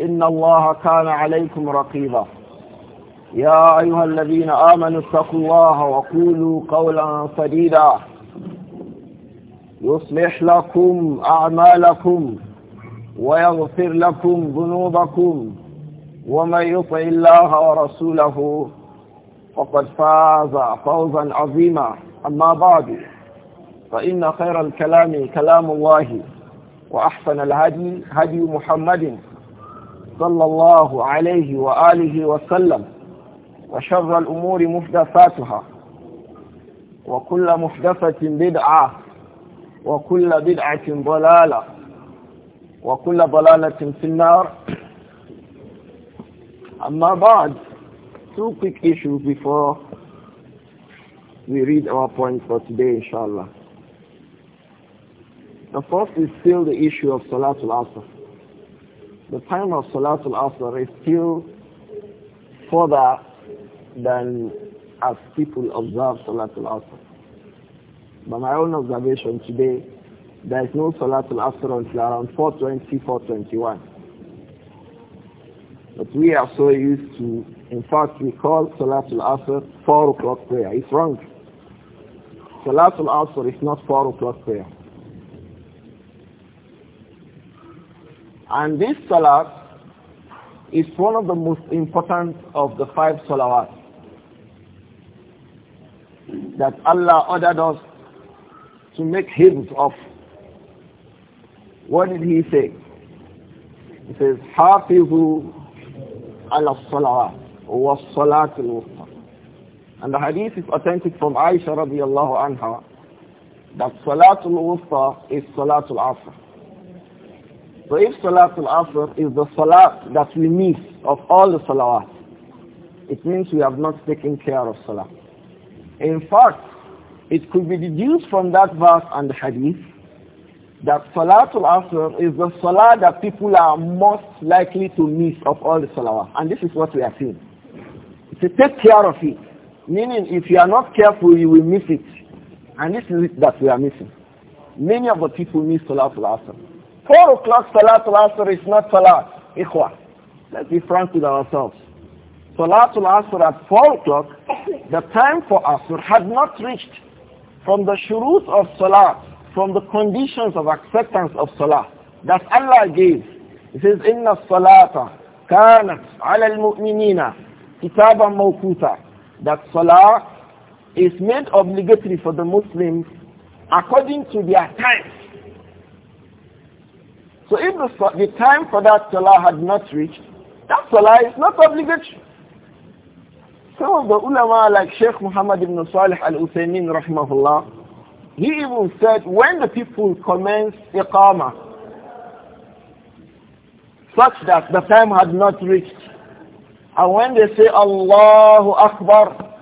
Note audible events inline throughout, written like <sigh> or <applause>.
إن الله كان عليكم رقيبا يا أيها الذين آمنوا اتقوا الله وقولوا قولا سديدا يصلح لكم أعمالكم ويغفر لكم ذنوبكم ومن يطع الله ورسوله فقد فاز فوزا عظيما أما بعد فإن خير الكلام كلام الله وأحسن الهدي هدي محمد صلى الله عليه وآله وسلم وشر الأمور محدثاتها وكل محدثة بدعة وكل بدعة ضلالة وكل ضلالة في النار أما بعد two quick issues before we read our point for today inshallah the first is still the issue of Salatul Asr the time of Salatul Asr is still further than as people observe Salatul Asr. By my own observation today, there is no Salatul Asr until around 4.20, 4.21. But we are so used to, in fact we call Salatul Asr 4 o'clock prayer. It's wrong. Salatul Asr is not 4 o'clock prayer. And this salah is one of the most important of the five salawat that Allah ordered us to make hibs of. What did he say? He says, Hafizu ala salawat wa salatul wusta. And the hadith is authentic from Aisha radiallahu anha that salatul wusta is salatul asr. So if Salatul Asr is the Salat that we miss of all the Salawat, it means we have not taken care of Salah. In fact, it could be deduced from that verse and the Hadith that Salatul Asr is the Salah that people are most likely to miss of all the Salawat. And this is what we are seeing. To take care of it. Meaning, if you are not careful, you will miss it. And this is it that we are missing. Many of the people miss Salatul Asr. Four o'clock Salatul Asr is not Salat. Ikhwa. Let's be frank with ourselves. Salatul Asr at four o'clock, the time for Asr had not reached from the shurut of Salah, from the conditions of acceptance of Salah that Allah gave. He says, Inna Salata كانت على المؤمنين كتابا موقوتا that salah is made obligatory for the Muslims according to their time so if the, the time for that salah had not reached, that salah is not obligatory. Some of the ulama like Sheikh Muhammad ibn Salih al Uthaymin, rahimahullah, he even said when the people commence iqamah, such that the time had not reached, and when they say Allahu Akbar,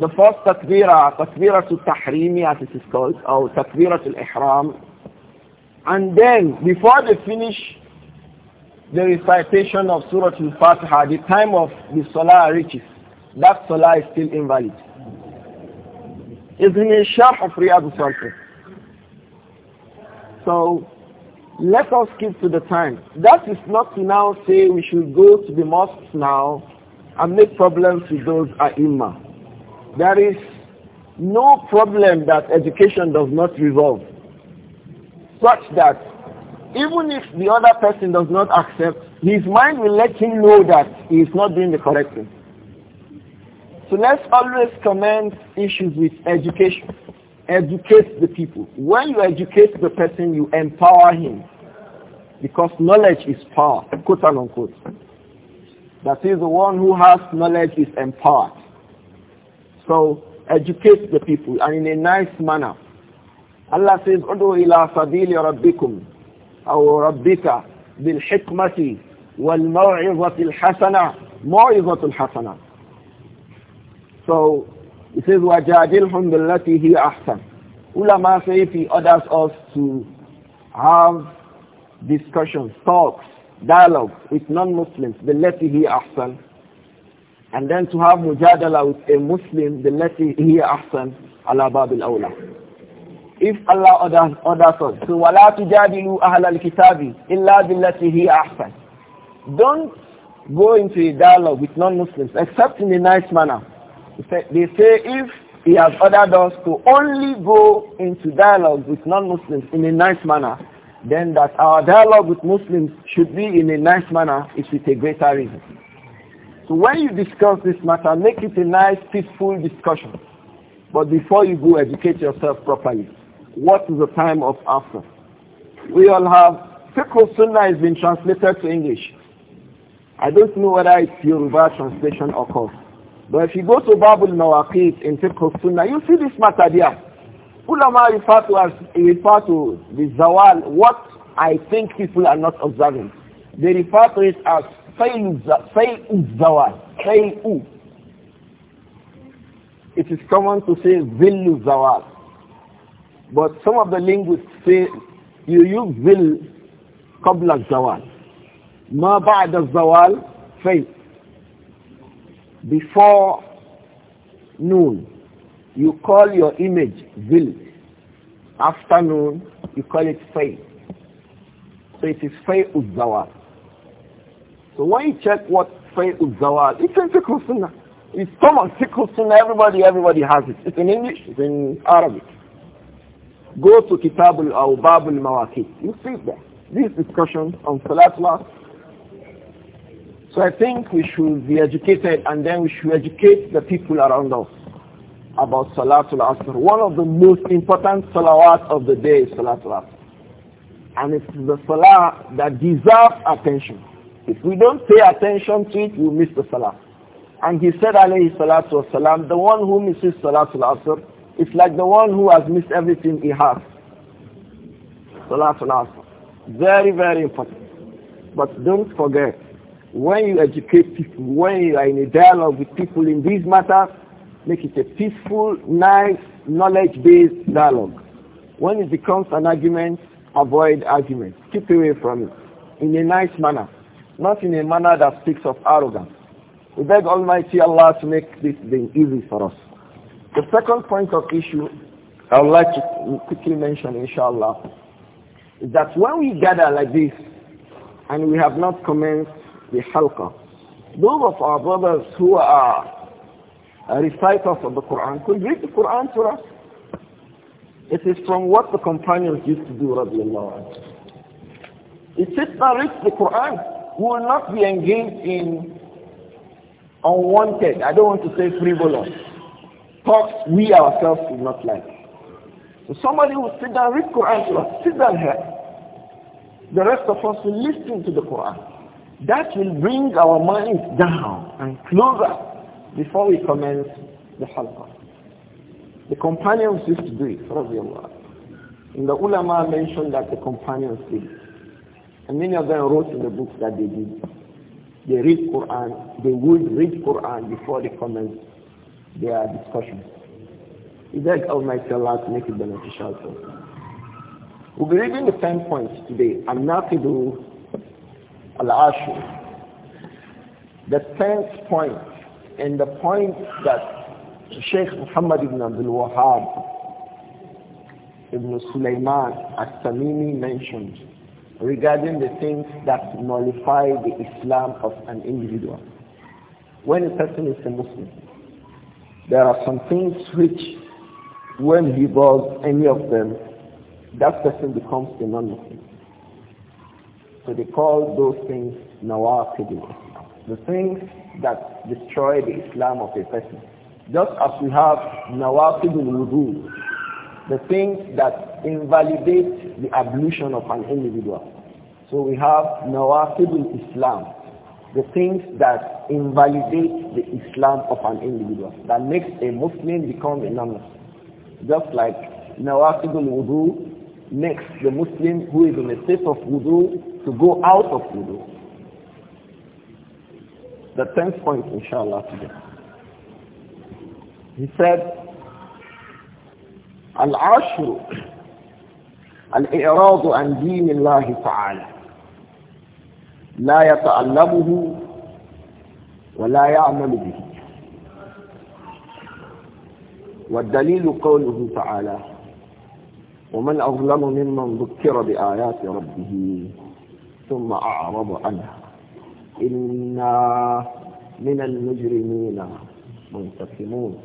the first takbirah, takbirah to tahrimi as it is called, or takbirah to ihram and then, before they finish the recitation of Surah Al-Fatiha, the time of the Salah reaches. That Salah is still invalid. It's in a sharp of Riyadh Sultan. So, let us keep to the time. That is not to now say we should go to the mosques now and make problems with those ai There is no problem that education does not resolve such that even if the other person does not accept, his mind will let him know that he is not doing the correct thing. So let's always commend issues with education. Educate the people. When you educate the person, you empower him. Because knowledge is power, quote and unquote. That is, the one who has knowledge is empowered. So educate the people and in a nice manner. Allah says, "Udu ila sabili rabbikum aw rabbika bil hikmati wal maw'izati al hasana, maw'izatu al hasana." So it says, "Wajadilhum billati hi ahsan." Ulama say if he orders us to have discussions, talks, dialogue with non-Muslims, billati hi ahsan, and then to have mujadala with a Muslim, billati hi ahsan, ala al awla if Allah orders, orders us. So wala tujadilu ahlal kitabi illa billati hi ahsan. Don't go into a dialogue with non-Muslims except in a nice manner. They say if he has ordered us to only go into dialogue with non-Muslims in a nice manner, then that our dialogue with Muslims should be in a nice manner is with a greater reason. So when you discuss this matter, make it a nice, peaceful discussion. But before you go, educate yourself properly. What is the time of after? We all have, Fiqh Sunnah has been translated to English. I don't know whether it's Yoruba translation or course. But if you go to Babul Nawaqid in Fiqh Sunnah, you see this matter there. Ulama refer to, as, refer to the Zawal, what I think people are not observing. They refer to it as Fayu Zawal, Fayu. It is common to say Zillu Zawal. But some of the linguists say you use will قبل الزوال ما بعد Zawal, faith before noon you call your image will Afternoon, you call it faith so it is faith Uzawal. so when you check what faith Uzawal, it's in fiqh sunnah it's common fiqh sunnah everybody everybody has it it's in English it's in Arabic Go to Kitabul or Babul Mawakit. You see that this discussion on Salatul So I think we should be educated and then we should educate the people around us about Salatul Asr. One of the most important salawat of the day is Salatul Asr. And it's the salah that deserves attention. If we don't pay attention to it, we miss the salah. And he said, alayhi salatu wasalam, the one who misses Salatul Asr, it's like the one who has missed everything he has. an answer, Very, very important. But don't forget, when you educate people, when you are in a dialogue with people in these matters, make it a peaceful, nice, knowledge-based dialogue. When it becomes an argument, avoid arguments. Keep away from it in a nice manner, not in a manner that speaks of arrogance. We beg Almighty Allah to make this thing easy for us. The second point of issue I would like to quickly mention, inshallah, is that when we gather like this and we have not commenced the halqa, those of our brothers who are reciters of the Quran could read the Quran for us. It is from what the companions used to do, radiallahu It sits and reads the Quran. We will not be engaged in unwanted, I don't want to say frivolous, talks we ourselves do not like. So somebody will sit down, read Quran to us, sit down here. The rest of us will listen to the Quran. That will bring our minds down and closer before we commence the halqah. The companions used to do it, radiallahu. And the ulama mentioned that the companions did. And many of them wrote in the books that they did. They read Quran, they would read Quran before they commence their discussions. We beg Almighty Allah to make it beneficial to us. We'll be reading the 10 points today. I'm not to do Al-Ashur. The 10th point and the point that Sheikh Muhammad ibn Abdul Wahab ibn Sulaiman as samimi mentioned regarding the things that nullify the Islam of an individual. When a person is a Muslim, there are some things which, when he does any of them, that person becomes a non-Muslim. So they call those things nawaqid The things that destroy the Islam of a person. Just as we have nawaqid al the things that invalidate the ablution of an individual. So we have nawaqid islam the things that invalidate the Islam of an individual, that makes a Muslim become a non-Muslim. Just like Nawakidul Wudu makes the Muslim who is in a state of wudu to go out of wudu. The tenth point, inshallah, today. He said, Al-Ashru, Al-I'radu an deen Allah ta'ala. لا يتعلمه ولا يعمل به والدليل قوله تعالى ومن أظلم ممن ذكر بآيات ربه ثم أعرض عنها إنا من المجرمين منتقمون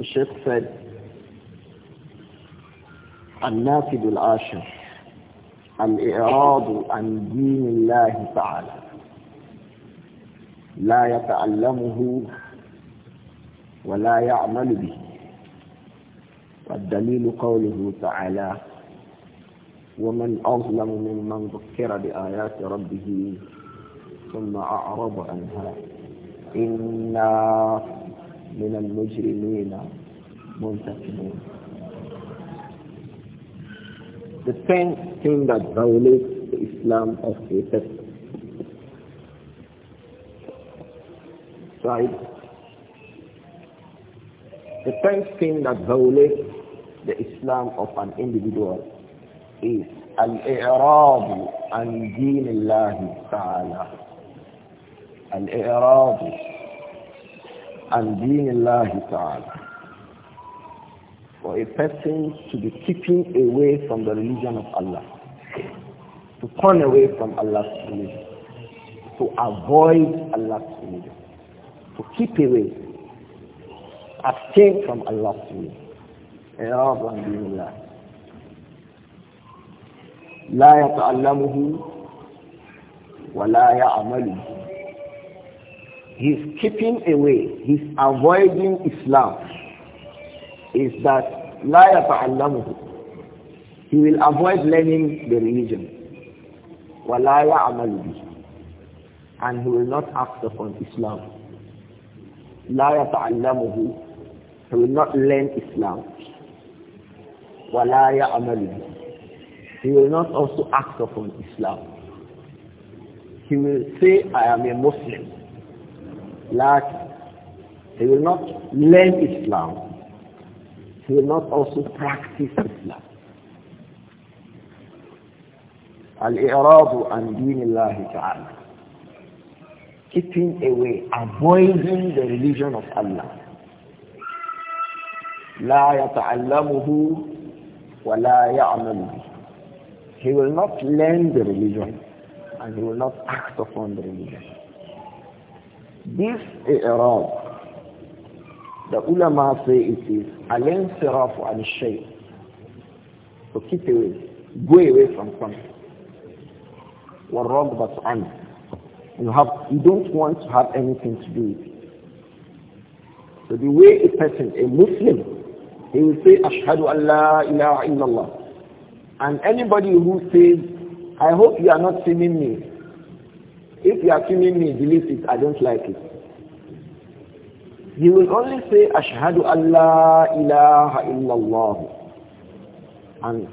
الشيخ فد الناقد العاشر الإعراض عن دين الله تعالى لا يتعلمه ولا يعمل به والدليل قوله تعالى ومن أظلم ممن ذكر بآيات ربه ثم أعرض عنها إنا من المجرمين منتقمون the same thing that violates the Islam of a person. Right? The tenth thing that violates the Islam of an individual is al-i'rab an deen Allah ta'ala. Al-i'rab an deen Allah ta'ala for a person to be keeping away from the religion of Allah, to turn away from Allah's religion, to avoid Allah's religion, to keep away, abstain from Allah's religion. لا يتعلمه ولا يعمله He's keeping away, he's avoiding Islam is that لا Allah? he will avoid learning the religion ولا يعمل به and he will not act upon Islam لا Allah, he will not learn Islam ولا يعمل به he will not also act upon Islam he will say I am a Muslim like he will not learn Islam he will not also practice Islam. Al-i'radu an dinillahi ta'ala. Keeping away, avoiding the religion of Allah. La yata'allamuhu wa la ya'mal He will not learn the religion and he will not act upon the religion. This i'rad the ulama say it is is siraf al shay. So keep away, go away from something. Warrogbat an. You have, you don't want to have anything to do with it. So the way a person, a Muslim, he will say Ashhadu Allah ilaha illallah. And anybody who says, I hope you are not filming me. If you are filming me, delete it. I don't like it. He will only say, Ashhadu Allah ilaha illallah. And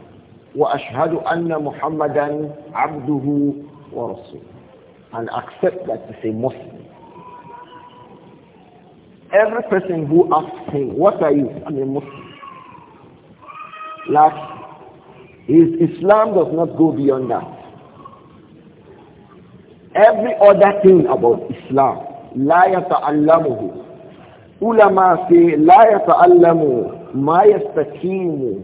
anna muhammadan محمدا عبده ورسوله and accept that he's a Muslim. Every person who asks him, what are you? I'm a Muslim. Last, his Islam does not go beyond that. Every other thing about Islam, لا Allah ulama say la yata'allamu ma yastaqimu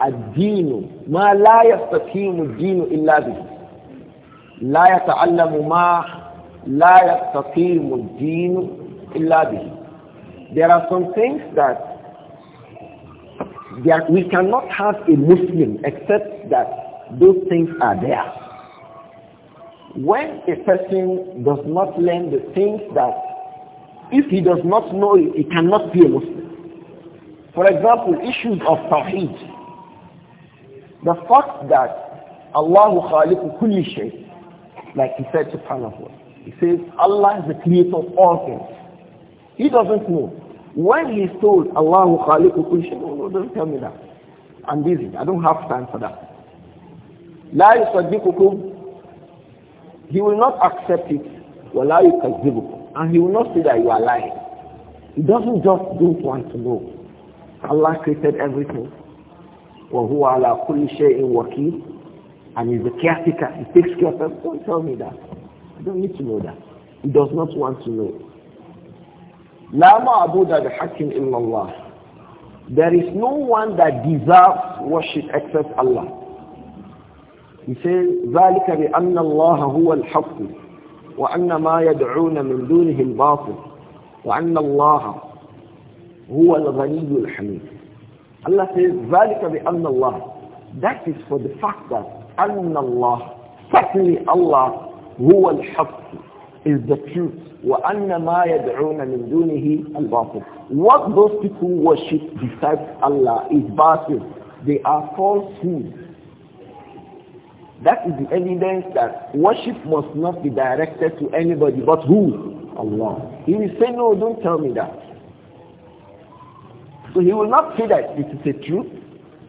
ad-din ma la yastaqimu ad-din illa bih la yata'allamu ma la yastaqimu ad-din illa bih there are some things that there, we cannot have a Muslim except that those things are there. When a person does not learn the things that if he does not know it, he cannot be a Muslim. For example, issues of Tawheed. The fact that Allahu Khaliqu kulli shay, like he said subhanahu he says Allah is the creator of all things. He doesn't know. When he's told Allahu Khaliqu kulli shay, no, no, don't tell me that. I'm busy. I don't have time for that. لا يصدقكم He will not accept it. ولا يكذبكم and he will not see that you are lying. He doesn't just don't want to know. Allah created everything. وَهُوَ عَلَىٰ كُلِّ in وَكِيلٍ And he's a caretaker. He takes care of us. Don't tell me that. I don't need to know that. He does not want to know. لَا مَعْبُودَ بِحَكٍ إِلَّا illallāh. There is no one that deserves worship except Allah. He says, ذَلِكَ بِأَنَّ اللَّهَ هُوَ الْحَقِّ وأن ما يدعون من دونه الباطل وأن الله هو الغني الحميد Allah says ذلك بأن الله that is for the fact that أن الله certainly Allah هو الحق is the truth وأن ما يدعون من دونه الباطل what those people worship besides Allah is batil they are falsehood that is the evidence that worship must not be directed to anybody but who? Allah. He will say, no, don't tell me that. So he will not say that it is a truth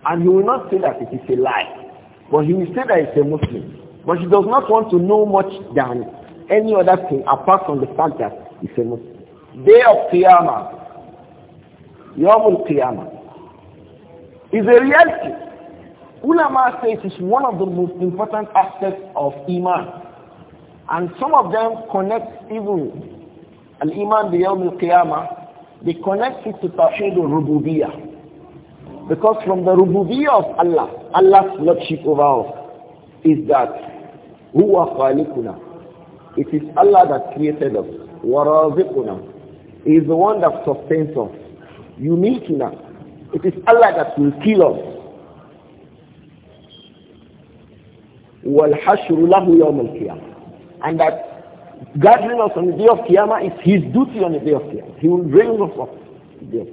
and he will not say that it is a lie. But he will say that it's a Muslim. But he does not want to know much than any other thing apart from the fact that is a Muslim. Day of Qiyamah, Yawmul Qiyamah, is a reality. Ulama says it's one of the most important aspects of Iman. And some of them connect even Al-Iman bi Yawm Al-Qiyamah, they connect it to Tawheed Al-Rububiyyah. Because from the Rububiyyah of Allah, Allah's lordship over us is that Huwa Khaliquna. It is Allah that created us. Waraziquna. He is the one that sustains us. Uniquena. It is Allah that will kill us. وَالْحَشْرُ لَهُ يَوْمَ الْقِيَامَةِ And that gathering us on the day of Qiyamah is his duty on the day of Qiyamah. He will bring us up on the day of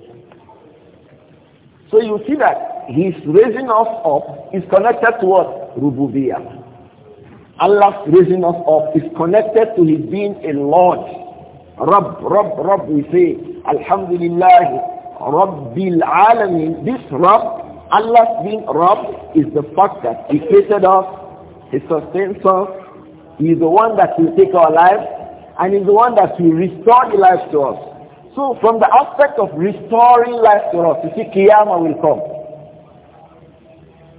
So you see that his raising us up is connected to what? Rububiyah. Allah's raising us up is connected to his being a Lord. Rabb, Rabb, Rabb, we say, Alhamdulillah, Rabbil Alameen. This Rabb, Allah's being Rabb, is the fact that he created us he sustains us. He is the one that will take our lives and is the one that will restore the life to us. So from the aspect of restoring life to us, you see, Qiyamah will come.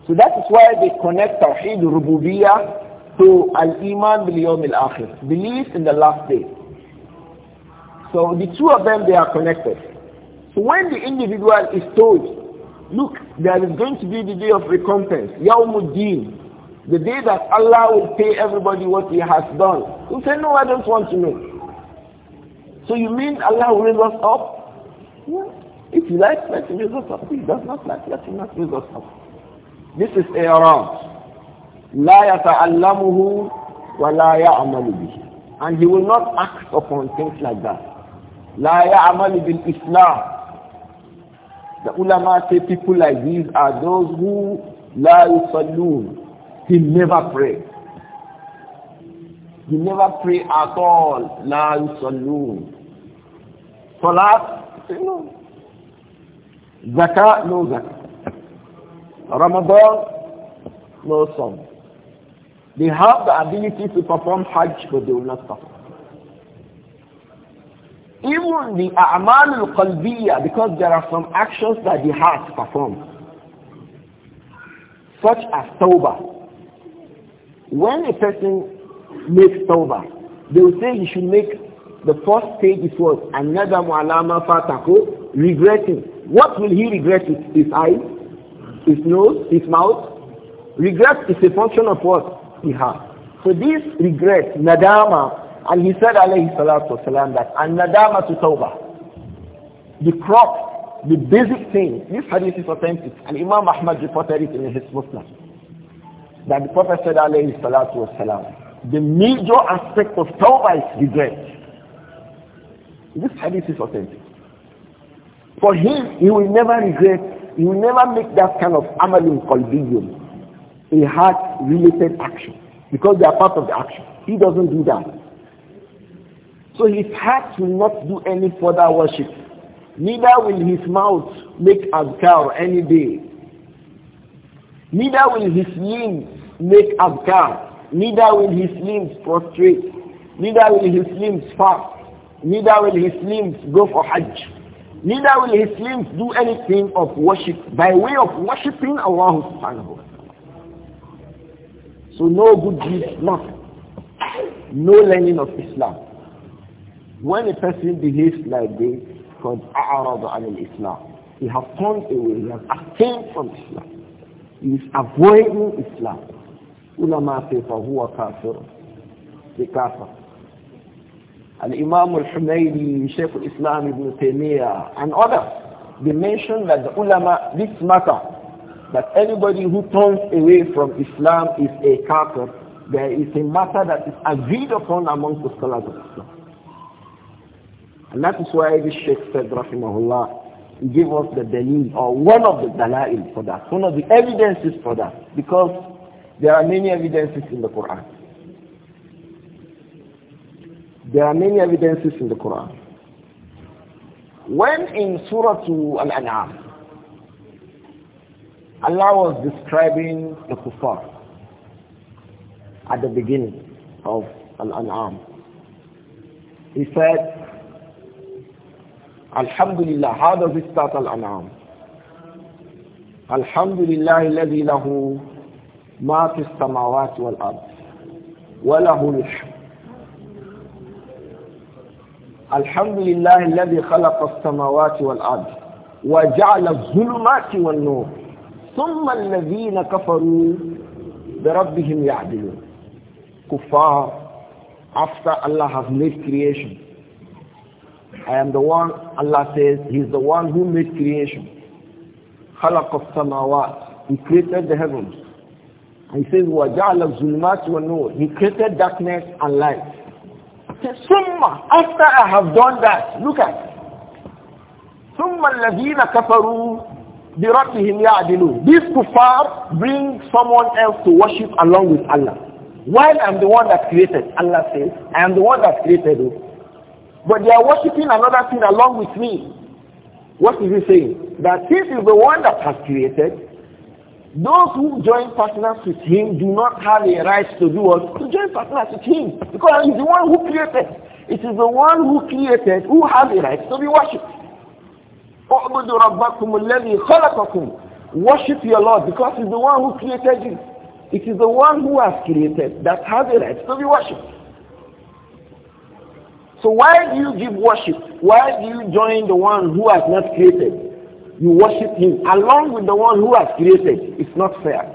So that is why they connect Tawheed Rububiyyah to Al-Iman bil-Yawm al-Akhir, belief in the last day. So the two of them, they are connected. So when the individual is told, look, there is going to be the day of recompense, Yawmuddin, the day that Allah will pay everybody what he has done. You say, no, I don't want to know. So you mean Allah will raise us up? Yeah. If you like, let him raise us up. he does not like, let him not raise us up. This is a wrong. لا يتعلمه ولا يعمل به and he will not act upon things like that لا يعمل بالإسلام the ulama say people like these are those who لا يصلون he never prayed. He never prayed at all. La yusalloon. Salat, no. Zakat, no zakat. Ramadan, no song. They have the ability to perform Hajj, but they will not perform. Even the A'mal al because there are some actions that the heart performs, such as Tawbah, when a person makes tawbah, they will say you should make the first stage is what? Another mu'alama regretting. What will he regret? His eyes? His nose? His mouth? Regret is a function of what? He has. So this regret, nadama, and he said alayhi salatu wasalam that, and nadama to tawbah. The crop, the basic thing, this hadith is authentic, and Imam Ahmad reported it in his Muslim that the Prophet said alayhi salatu wasalam, the major aspect of tawbah is regret. This hadith is authentic. For him, he will never regret, he will never make that kind of amalim qalbiyum, a heart-related action, because they are part of the action. He doesn't do that. So his heart will not do any further worship. Neither will his mouth make azkar any day Neither will his limbs make abkar. Neither will his limbs prostrate. Neither will his limbs fast. Neither will his limbs go for hajj. Neither will his limbs do anything of worship by way of worshipping Allah subhanahu wa So no good deeds, nothing. No learning of Islam. When a person behaves like this, called A'arab al-Islam, he has turned away, he has abstained from Islam is avoiding Islam. Ulama say, فَهُوَ كَافِرٌ The kafir. Al-Imam al-Humaydi, Sheikh al-Islam ibn Taymiyyah, and others, they mention that the ulama, this matter, that anybody who turns away from Islam is a kafir, there is a matter that is agreed upon among the scholars of Islam. And that is why this Sheikh said, Rahimahullah, give us the dalil or one of the dalail for that, one of the evidences for that, because there are many evidences in the Quran. There are many evidences in the Quran. When in Surah Al-An'am, Allah was describing the kuffar at the beginning of Al-An'am. He said, الحمد لله هذا it الأنعام الحمد لله الذي له ما في السماوات والأرض وله الحمد الحمد لله الذي خلق السماوات والأرض وجعل الظلمات والنور ثم الذين كفروا بربهم يعدلون كفار after Allah has made creation I am the one, Allah says, He is the one who made creation. خَلَقَ السَّمَاوَاتِ He created the heavens. he says, وَجَعْلَ الظُّلْمَاتِ وَالنُّورِ He created darkness and light. Summa, after I have done that, look at ثُمَّ الَّذِينَ كَفَرُوا بِرَبِّهِمْ يَعْدِلُونَ These kuffar bring someone else to worship along with Allah. While I'm the one that created, Allah says, I am the one that created you but they are worshipping another thing along with me. What is he saying? That this is the one that has created. Those who join partners with him do not have a right to do what? To join partners with him. Because he's the one who created. It is the one who created who has a right to be worshipped. اعبدوا ربكم الذي خلقكم worship your Lord because he's the one who created you. It is the one who has created that has a right to be worshipped. So why do you give worship? Why do you join the one who has not created? You worship him along with the one who has created. It's not fair.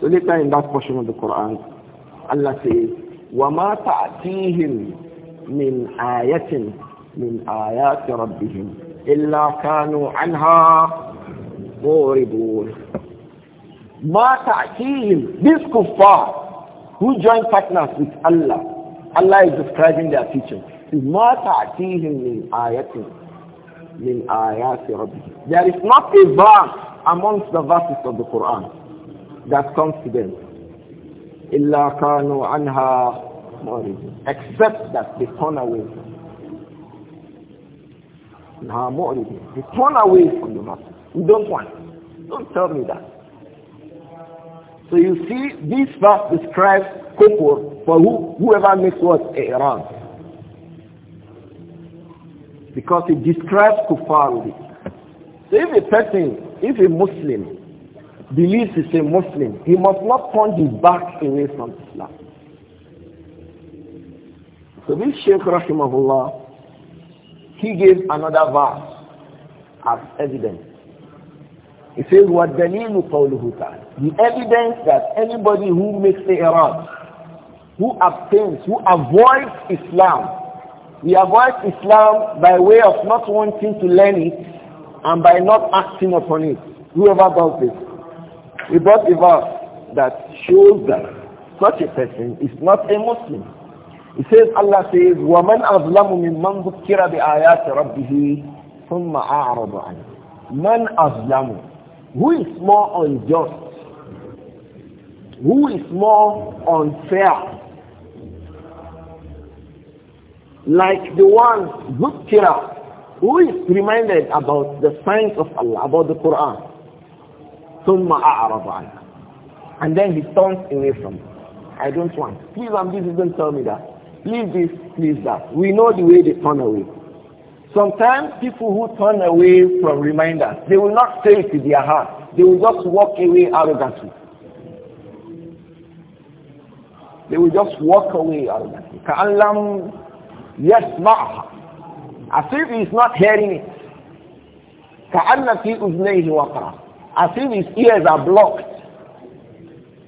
So later in that portion of the Quran, Allah says, وَمَا تَعْتِيهِمْ مِنْ آيَةٍ مِنْ آيَاتِ رَبِّهِمْ إِلَّا كَانُوا عَنْهَا مُورِبُونَ مَا تَعْتِيهِمْ These kuffar who join partners with Allah Allah is describing their teaching. Is not ta'tihim There is not a verse amongst the verses of the Quran that comes to them. Illa kanu anha except that they turn away. They turn away from the matter. We don't want. Don't tell me that. So you see, this verse describes kufur for who, whoever makes what? Iran. Because it describes kufar with it. So if a person, if a Muslim believes he's a Muslim, he must not turn his back away from Islam. So this of Rahimahullah, he gave another verse as evidence. He says, وَالدَّلِيلُ قَوْلُهُ تَعَالَى The evidence that anybody who makes the Iran, who abstains, who avoids Islam, we avoid Islam by way of not wanting to learn it and by not acting upon it. Whoever does this. We brought a verse that shows that such a person is not a Muslim. He says, Allah says, وَمَنْ أَظْلَمُ مِمَّنْ ذُكِّرَ بِآيَاتِ رَبِّهِ ثُمَّ أَعْرَضَ عَنْهُ Man azlamu. Who is more unjust? Who is more unfair? Like the one, Zukira, who is reminded about the signs of Allah, about the Quran. ثم أعرض and then he turns away from me. I don't want. Please, I'm busy, don't tell me that. Please this, please that. We know the way they turn away. Sometimes people who turn away from reminders, they will not say it in their heart. They will just walk away arrogantly. They will just walk away arrogantly. yes, yasma'ha. As if he is not hearing it. Ka'anna fi uznayhi As if his ears are blocked.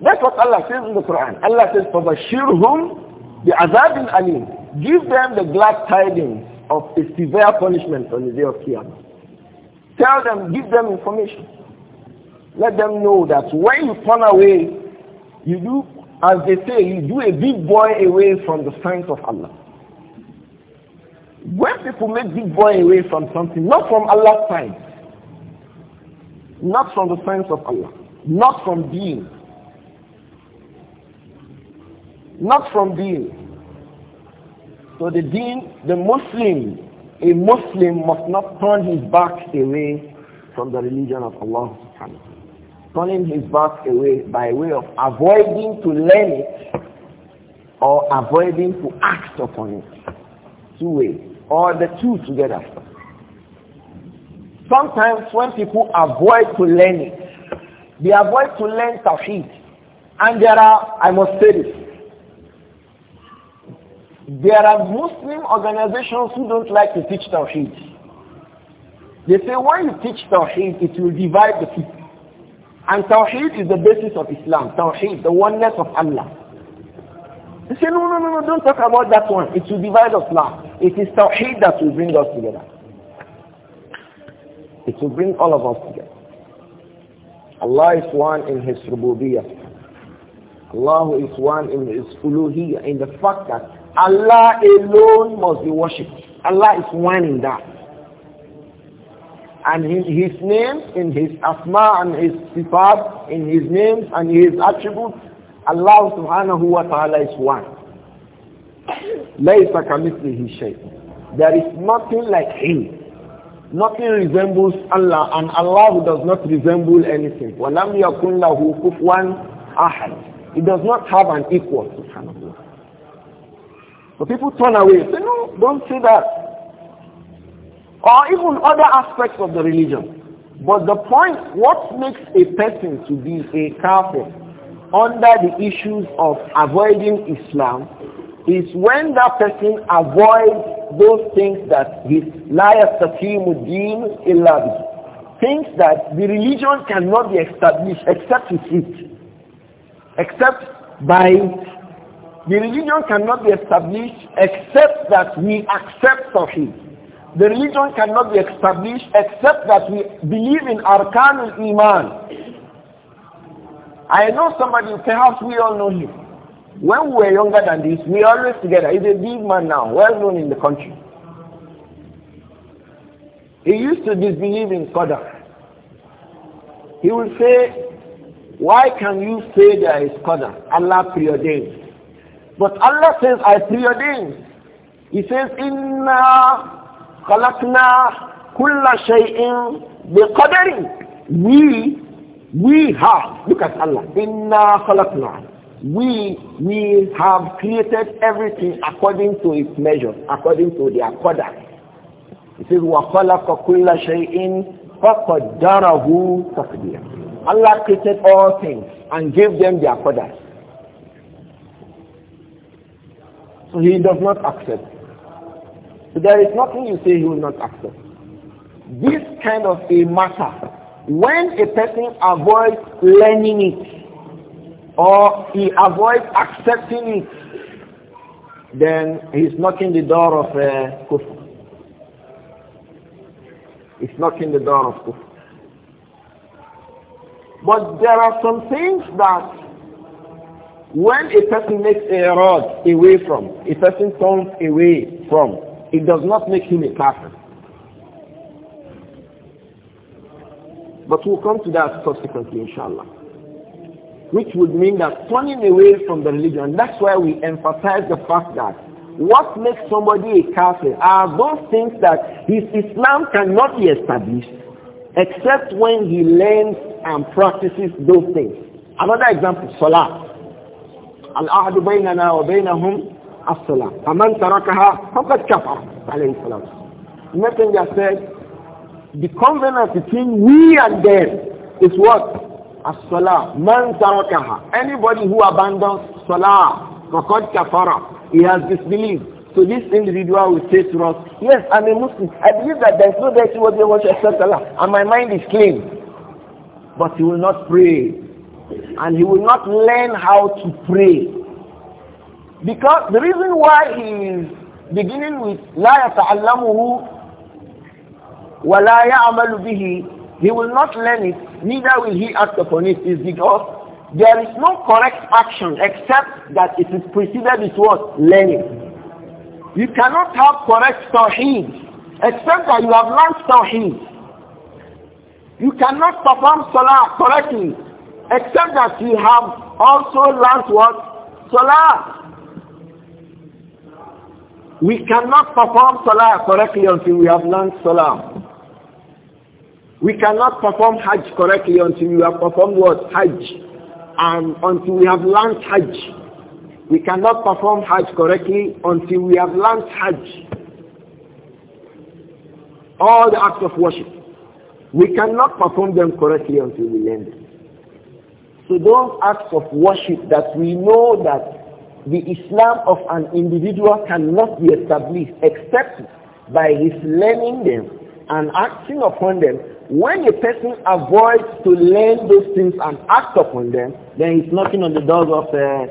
That's what Allah says in the Quran. Allah says, the the بِعَذَابٍ أَلِيمٍ Give them the glad tidings of a severe punishment on the day of Qiyamah. Tell them, give them information. Let them know that when you turn away, you do, as they say, you do a big boy away from the signs of Allah. When people make big boy away from something, not from Allah's signs, not from the signs of Allah, not from being, not from being, so the deen, the Muslim, a Muslim must not turn his back away from the religion of Allah Turning his back away by way of avoiding to learn it or avoiding to act upon it. Two ways. Or the two together. Sometimes when people avoid to learn it, they avoid to learn Tawheed. And there are, I must say this, there are Muslim organizations who don't like to teach Tawheed. They say when you teach Tawheed, it will divide the people. And Tawheed is the basis of Islam. Tawheed, the oneness of Allah. They say, no, no, no, no, don't talk about that one. It will divide us now. It is Tawheed that will bring us together. It will bring all of us together. Allah is one in His rububiyyah. Allah is one in His uluhiyyah, in the fact that Allah alone must be worshipped. Allah is one in that. And in his name, in his asma and his sifat, in his names and his attributes, Allah subhanahu wa ta'ala is one. لَيْسَ كَمِثْلِهِ شَيْءٍ There is nothing like him. Nothing resembles Allah and Allah does not resemble anything. وَلَمْ يَكُنْ لَهُ كُفْوًا أَحَدٍ He does not have an equal, subhanahu wa ta'ala. So people turn away. Say, no, don't say that. Or even other aspects of the religion. But the point, what makes a person to be a kafir under the issues of avoiding Islam is when that person avoids those things that his la yastaqimu din illa Things that the religion cannot be established except with it. Except by the religion cannot be established except that we accept Tawheed. The religion cannot be established except that we believe in Arkan al-Iman. I know somebody, perhaps we all know him. When we were younger than this, we always together. He's a big man now, well known in the country. He used to disbelieve in Qadar. He will say, why can you say there is Qadar? Allah preordained. But Allah says, I preordained. He says, Inna khalaqna kulla shay'in biqadari. We, we have, look at Allah, Inna khalaqna. We, we have created everything according to its measure, according to the accordance. He says, وَخَلَقَ كُلَّ shayin فَقَدَّرَهُ تَقْدِيرًا Allah created all things and gave them their accordance. So he does not accept. So there is nothing you say he will not accept. This kind of a matter, when a person avoids learning it, or he avoids accepting it, then he's knocking the door of uh, kufr. He's knocking the door of kufr. But there are some things that when a person makes a rod away from, a person turns away from, it does not make him a kafir. But we'll come to that subsequently, inshallah. Which would mean that turning away from the religion, that's why we emphasize the fact that what makes somebody a kafir are those things that his Islam cannot be established except when he learns and practices those things. Another example, Salah. العهد بيننا وبينهم الصلاة فمن تركها فقد كفر عليه الصلاة Messenger said, the covenant between we and them is what? As-salah. Man tarakaha. Anybody who abandons salah, faqad kafara. He has disbelieved. So this individual will say to us, yes, I'm a Muslim. I believe that there is no deity what they worship except Allah. And my mind is clean. But he will not pray and he will not learn how to pray. Because the reason why he is beginning with la يتعلمه ولا يعمل bihi he will not learn it, neither will he act upon it, is because there is no correct action except that it is preceded with what? Learning. You cannot have correct tawheed except that you have learned tawheed. You cannot perform salah correctly Except that we have also learnt what? Salah. We cannot perform Salah correctly until we have learned Salah. We cannot perform Hajj correctly until we have performed what? Hajj. And until we have learned Hajj. We cannot perform Hajj correctly until we have learned Hajj. All the acts of worship. We cannot perform them correctly until we learn them. To those acts of worship that we know that the Islam of an individual cannot be established except by his learning them and acting upon them. When a person avoids to learn those things and act upon them, then he's knocking on the doors of uh,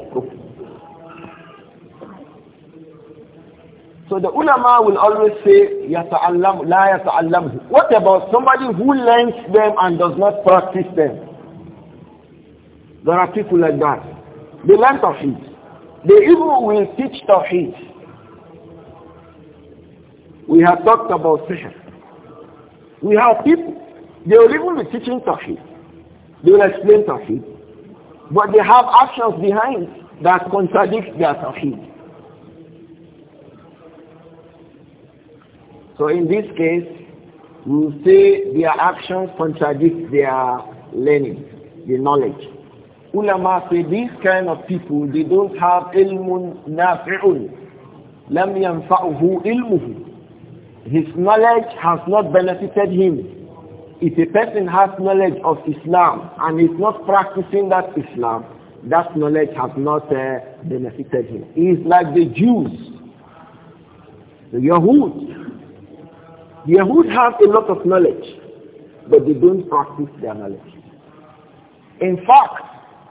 So the ulama will always say, يَتَعَلَّمُ لَا يَتَعَلَّمُ What about somebody who learns them and does not practice them? There are people like that. They learn Tawheed. They even will teach Tawheed. We have talked about sihr. We have people, they will even be teaching Tawheed. They will explain Tawheed. But they have actions behind that contradict their Tawheed. So in this case, we will say their actions contradict their learning, the knowledge. Ulama say these kind of people, they don't have ilmun nafi'un. Lam yanfa'uhu ilmuhu. His knowledge has not benefited him. If a person has knowledge of Islam and is not practicing that Islam, that knowledge has not uh, benefited him. He is like the Jews, the Yahud. The Yahud have a lot of knowledge, but they don't practice their knowledge. In fact,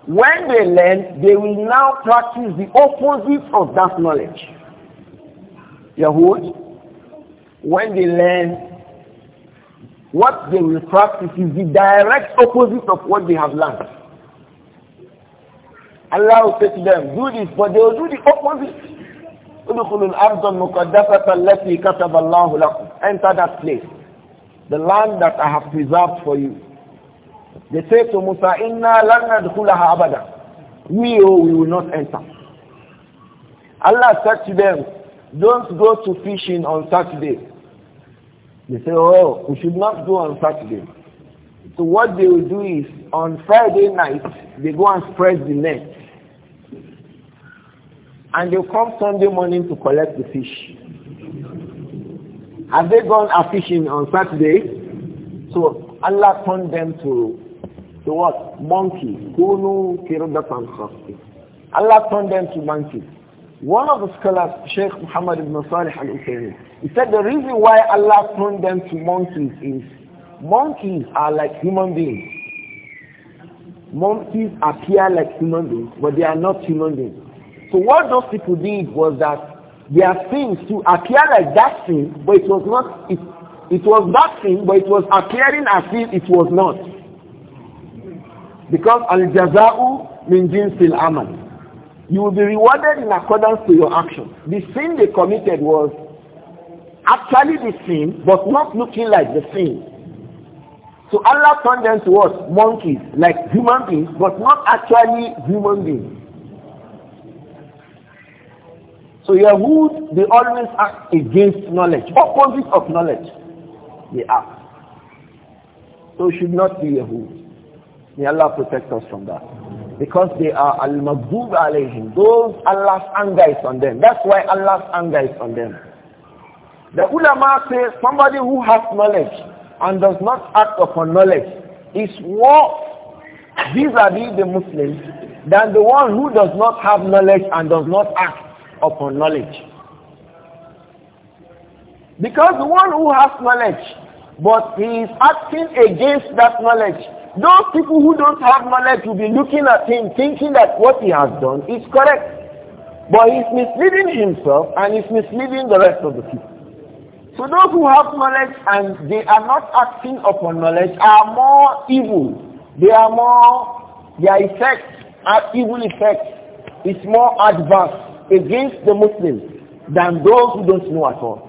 when they learn, they will now practice the opposite of that knowledge. Yahood, when they learn, what they will practice is the direct opposite of what they have learned. Allah will say to them, do this, but they will do the opposite. Enter that place, the land that I have preserved for you. They say to Musa, Inna lanadkhulaha abada. We, oh, we will not enter. Allah said to them, don't go to fishing on Saturday. They say, oh, we should not go on Saturday. So what they will do is, on Friday night, they go and spread the net. And they come Sunday morning to collect the fish. Have they gone a fishing on Saturday? So Allah turned them to to what? Monkeys. Kunu kirdatan khasfi. Allah turned them to monkeys. One of the scholars, Sheikh Muhammad ibn Salih al Uthaymi, he said the reason why Allah turned them to monkeys is monkeys are like human beings. Monkeys appear like human beings, but they are not human beings. So what those people did was that their sins to appear like that thing, but it was not, it it was that thing, but it was appearing as if it was not. Because al-jaza'u min jinsil amal. You will be rewarded in accordance to your action. The sin they committed was actually the sin, but not looking like the sin. So Allah turned them to us, monkeys, like human beings, but not actually human beings. So Yahud, they always act against knowledge, opposite of knowledge the act. So should not be Yahud. May Allah protect us from that. Because they are al-maghdub alayhim. Those Allah's anger is on them. That's why Allah's anger is on them. The ulama says somebody who has knowledge and does not act upon knowledge is worse vis-a-vis the Muslims than the one who does not have knowledge and does not act upon knowledge. Because the one who has knowledge, but he is acting against that knowledge, those people who don't have knowledge will be looking at him thinking that what he has done is correct. But he's misleading himself and he's misleading the rest of the people. So those who have knowledge and they are not acting upon knowledge are more evil. They are more, their effects are evil effects. It's more adverse against the Muslims than those who don't know at all.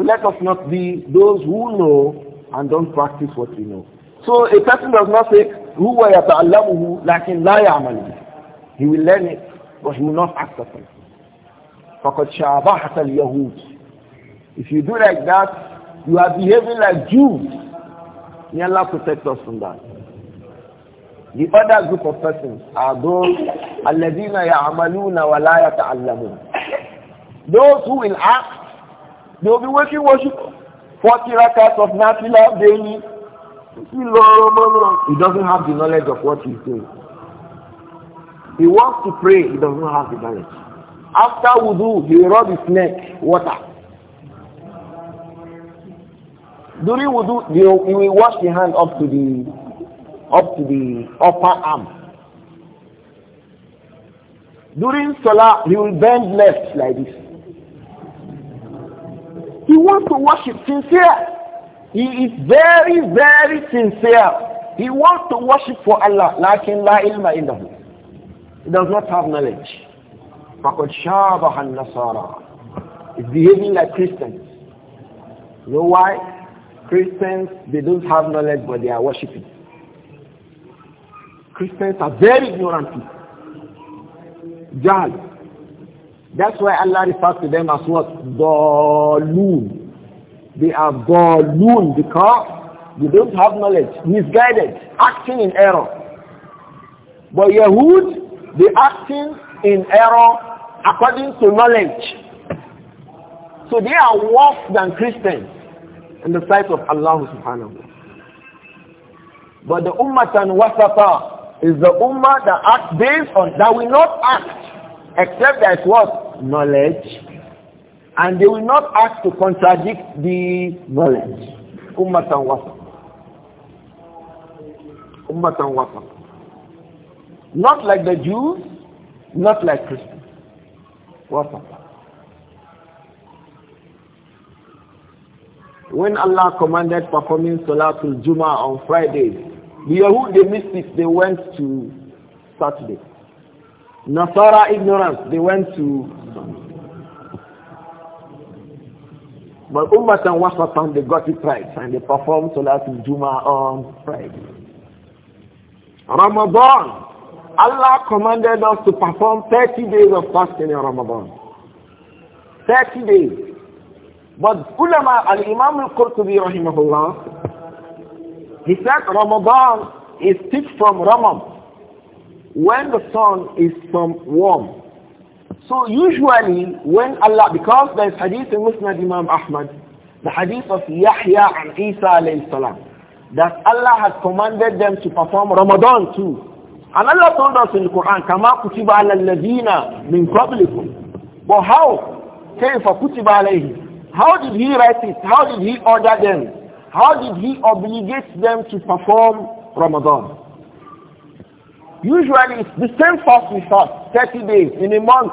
So let us not be those who know and don't practice what we know. So a person does not say, هُوَ يَتَعَلَّمُهُ لَكِنْ لَا يَعْمَلُهُ He will learn it, but he will not act upon it. فَقَدْ شَابَحَتَ الْيَهُودِ If you do like that, you are behaving like Jews. May Allah protect us from that. The other group of persons are those الَّذِينَ يَعْمَلُونَ وَلَا يَتَعَلَّمُونَ Those who will act they will be waking worship 40 rakats of Nafila daily. He doesn't have the knowledge of what he's doing. He wants to pray, he doesn't have the knowledge. After wudu, he will rub his neck, water. During wudu, he will wash the hand up to the up to the upper arm. During salah, he will bend left like this. He wants to worship sincere. He is very, very sincere. He wants to worship for Allah. Lakin la ilma indahu. He does not have knowledge. فَقَدْ شَابَهَ النَّصَارَى He's behaving like Christians. You know why? Christians, they don't have knowledge, but they are worshipping. Christians are very ignorant people. Jahil. That's why Allah refers to them as what? Daloon. They are daloon because they don't have knowledge, misguided, acting in error. But Yahud, they acting in error according to knowledge. So they are worse than Christians in the sight of Allah subhanahu wa ta'ala. But the ummah and wasata is the ummah that acts based on, that will not act Except that what? Knowledge. And they will not ask to contradict the knowledge. Ummatan wasa. Ummatan wasa. Not like the Jews, not like Christians. Wasa. When Allah commanded performing Salatul Juma on Fridays, the Yahud, they missed it, they went to Saturday. Nasara ignorance, they went to But Ummah and Wasatan, they got it right and they performed Salat in juma on Friday. Ramadan, Allah commanded us to perform 30 days of fasting in Ramadan. 30 days. But ulama, al-Imam al-Qurtubi rahimahullah, he said Ramadan is picked from Ramadan when the sun is from warm. So usually when Allah, because there is hadith in Musnad Imam Ahmad, the hadith of Yahya and Isa alayhi salam, that Allah has commanded them to perform Ramadan too. And Allah told us in the Quran, كَمَا كُتِبَ عَلَى الَّذِينَ مِنْ قَبْلِكُمْ But how? كَيْفَ كُتِبَ عَلَيْهِ How did he write it? How did he order them? How did he obligate them to perform Ramadan? Usually it's the same fast we fast, 30 days in a month.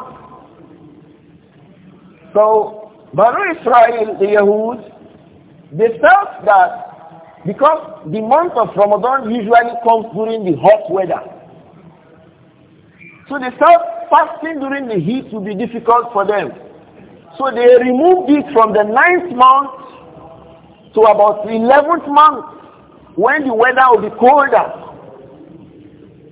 So, by Israel, the Yahud, they felt that because the month of Ramadan usually comes during the hot weather. So they felt fasting during the heat would be difficult for them. So they removed it from the ninth month to about the eleventh month when the weather will be colder.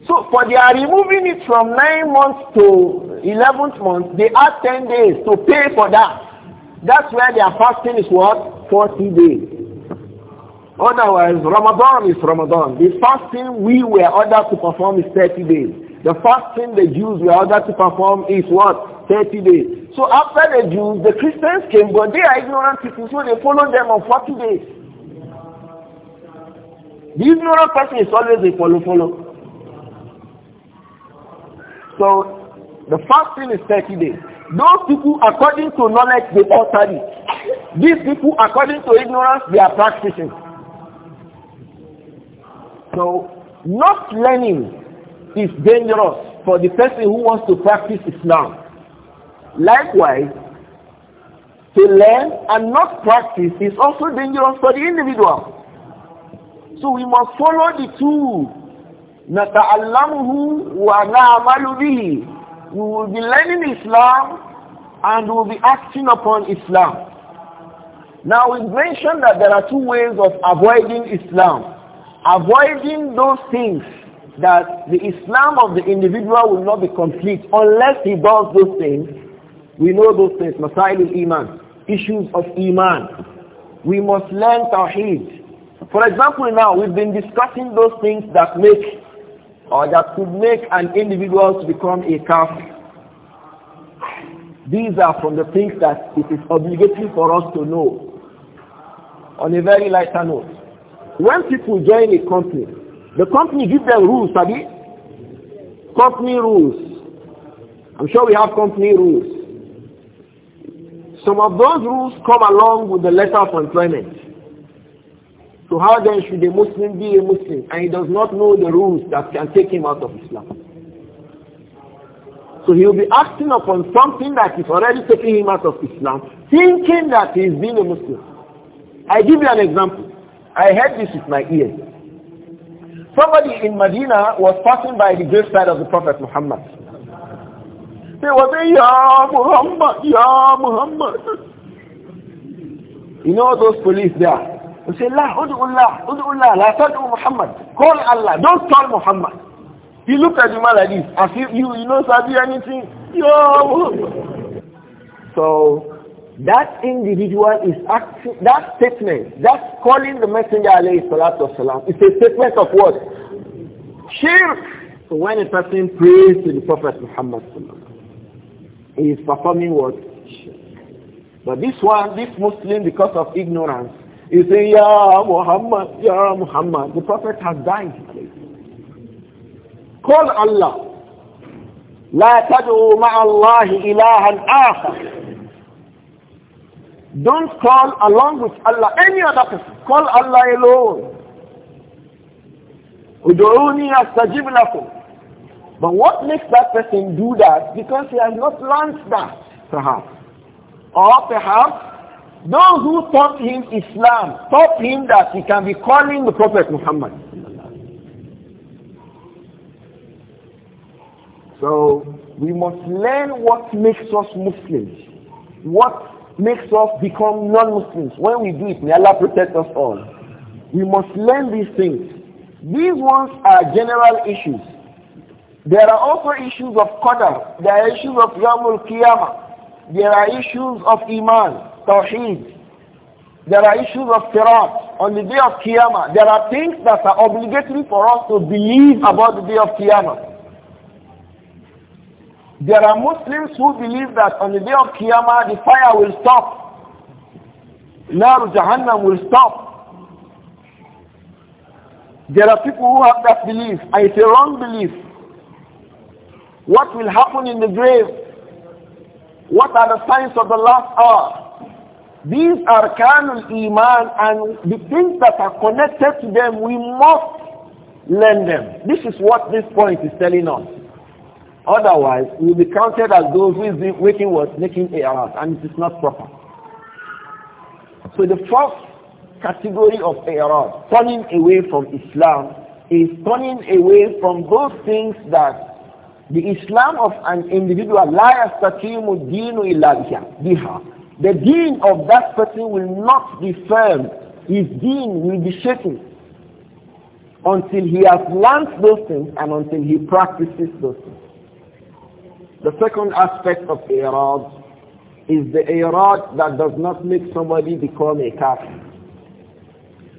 So for they are removing it from nine months to eleventh month, they add ten days to pay for that. That's where their fasting is what? Forty days. Otherwise, Ramadan is Ramadan. The fasting we were ordered to perform is 30 days. The fasting the Jews were ordered to perform is what? 30 days. So after the Jews, the Christians came, but they are ignorant people, so they followed them on 40 days. The ignorant person is always a follow-follow. So the fasting is 30 days. Those people, according to knowledge, they alter it. These people, according to ignorance, they are practicing. So not learning is dangerous for the person who wants to practice Islam. Likewise, to learn and not practice is also dangerous for the individual. So we must follow the two نتعلمه ونعمل به we will be learning Islam and we will be acting upon Islam now we mentioned that there are two ways of avoiding Islam avoiding those things that the Islam of the individual will not be complete unless he does those things we know those things masail iman issues of iman we must learn tawheed for example now we've been discussing those things that make or that could make an individual to become a kafir. These are from the things that it is obligatory for us to know. On a very lighter note, when people join a company, the company gives them rules, Sabi. Company rules. I'm sure we have company rules. Some of those rules come along with the letter of employment. So how then should a Muslim be a Muslim and he does not know the rules that can take him out of Islam? So he'll be acting upon something that is already taking him out of Islam, thinking that he is being a Muslim. I give you an example. I heard this with my ears. Somebody in Medina was passing by the graveside of the Prophet Muhammad. They were saying, Ya Muhammad, Ya Muhammad. You know those police there? You say, La, Udu'ullah, Udu'ullah, La Tadu Muhammad. Call Allah, don't call Muhammad. He looked at the man like this, as if you, you know, Sabi, anything. Yo! So, that individual is acting, that statement, that calling the messenger alayhi salatu wasalam, is a statement of what? Shirk! So when a person prays to the Prophet Muhammad he is performing what? But this one, this Muslim, because of ignorance, you say, Ya Muhammad, Ya Muhammad. The Prophet has died. Call Allah. لا تدعوا مع الله إلها آخر Don't call along with Allah any other person. Call Allah alone. Udu'uni astajib lakum. But what makes that person do that? Because he has not learned that, perhaps. Or perhaps those who taught him Islam taught him that he can be calling the Prophet Muhammad. So we must learn what makes us Muslims, what makes us become non-Muslims. When we do it, may Allah protect us all. We must learn these things. These ones are general issues. There are also issues of Qadr. There are issues of Yawmul Qiyamah there are issues of Iman, Tawheed. There are issues of Sirat. On the day of Qiyamah, there are things that are obligatory for us to believe about the day of Qiyamah. There are Muslims who believe that on the day of Qiyamah, the fire will stop. Nar Jahannam will stop. There are people who have that belief, and it's a wrong belief. What will happen in the grave what are the signs of the last hour? These are Kanul Iman and the things that are connected to them, we must learn them. This is what this point is telling us. Otherwise, we will be counted as those who is waking was making errors, and it is not proper. So the first category of error, turning away from Islam, is turning away from those things that the Islam of an individual, لا يستقيم dinu إلا بها. The deen of that person will not be firm. His deen will be shaken until he has learnt those things and until he practices those things. The second aspect of irad is the irad that does not make somebody become a kafir.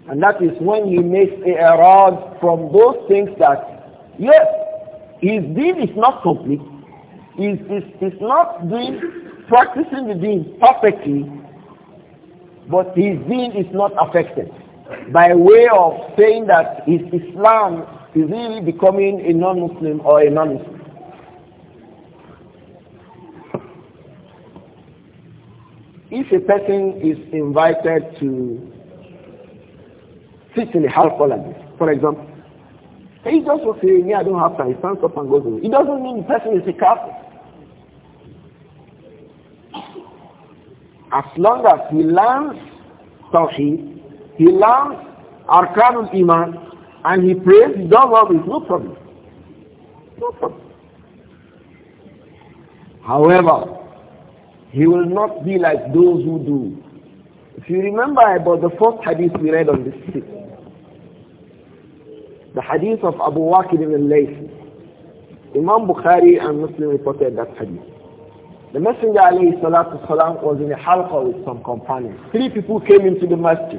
And that is when he makes irad from those things that, yes, his deen is not complete. Is is is not doing practicing the deen perfectly, but his deen is not affected by way of saying that his Islam is really becoming a non-Muslim or a non-Muslim. If a person is invited to sit in a hall for example, so he just will say, me, I don't have time. He stands up and goes away. It doesn't mean the person is a kafir. As long as he learns Tawheed, he learns Arkanul Iman, and he prays, he does all this, no problem. No problem. However, he will not be like those who do. If you remember about the first hadith we read on this the hadith of Abu Waqid ibn al-Layth. Imam Bukhari and Muslim reported that hadith. The Messenger alayhi salatu salam was in a halqa with some companions. Three people came into the masjid.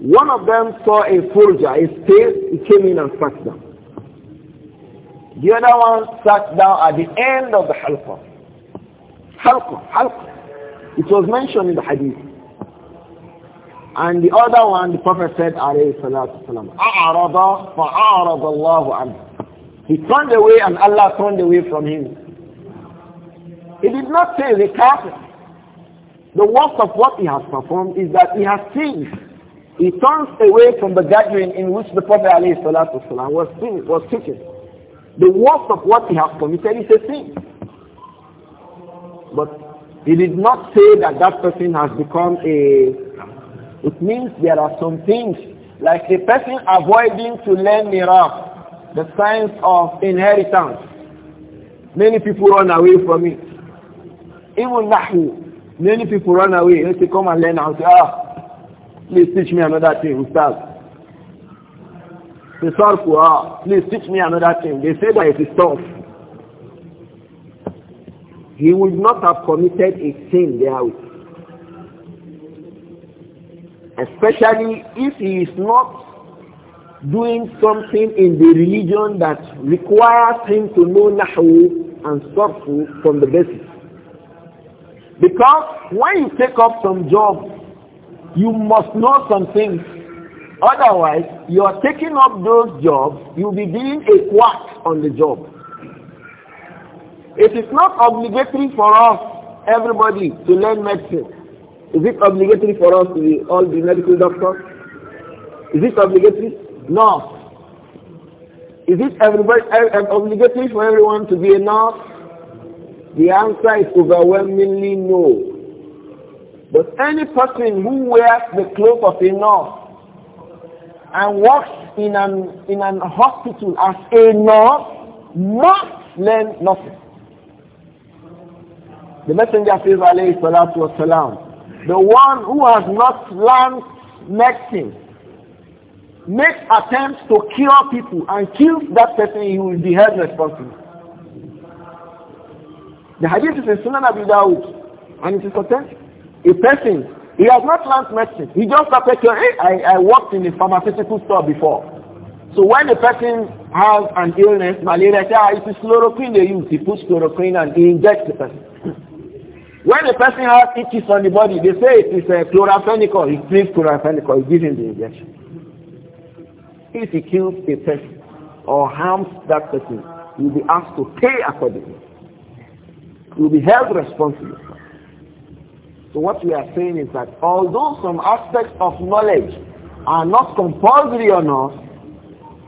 One of them saw a forger, a he came in and sat down. The other one sat down at the end of the halqa. Halqa, halqa. It was mentioned in the hadith. And the other one, the Prophet said, alayhi salatu salam, He turned away and Allah turned away from him. He did not say the kafir. The worst of what he has performed is that he has sinned. He turns away from the gathering in which the Prophet alayhi salatu salam was, seen, was teaching. The worst of what he has committed is a sin. But he did not say that that person has become a it means there are some things, like the person avoiding to learn mirah, the science of inheritance. Many people run away from it. Even Nahu, many people run away. They say, come and learn. I say, ah, please teach me another thing, Ustaz. They say, ah, please teach me another thing. They say that it is tough. He would not have committed a sin therewith Especially if he is not doing something in the religion that requires him to know Nahu and Sarfu from the basis. Because when you take up some job, you must know some things. Otherwise, you are taking up those jobs, you'll be doing a quack on the job. It is not obligatory for us, everybody, to learn medicine. Is it obligatory for us to be all be medical doctors? Is it obligatory? No. Is it everybody, obligatory for everyone to be a nurse? The answer is overwhelmingly no. But any person who wears the clothes of a nurse and works in an in an hospital as a nurse must learn nothing. The messenger says alayhi salatu salam." The one who has not learned medicine makes attempts to cure people and kills that person, he will be held responsible. The hadith is in Sunan Abu Dawud and it is authentic. A person, he has not learned medicine. He just started curing. I, I worked in a pharmaceutical store before. So when a person has an illness, malaria, ah, it is chloroquine they use. He puts chloroquine and he injects the person. When a person has itches on the body, they say it is a uh, chloramphenicol. He drinks chloramphenicol. He gives him the injection. If he kills a person or harms that person, he will be asked to pay accordingly. He will be held responsible. So what we are saying is that although some aspects of knowledge are not compulsory on us,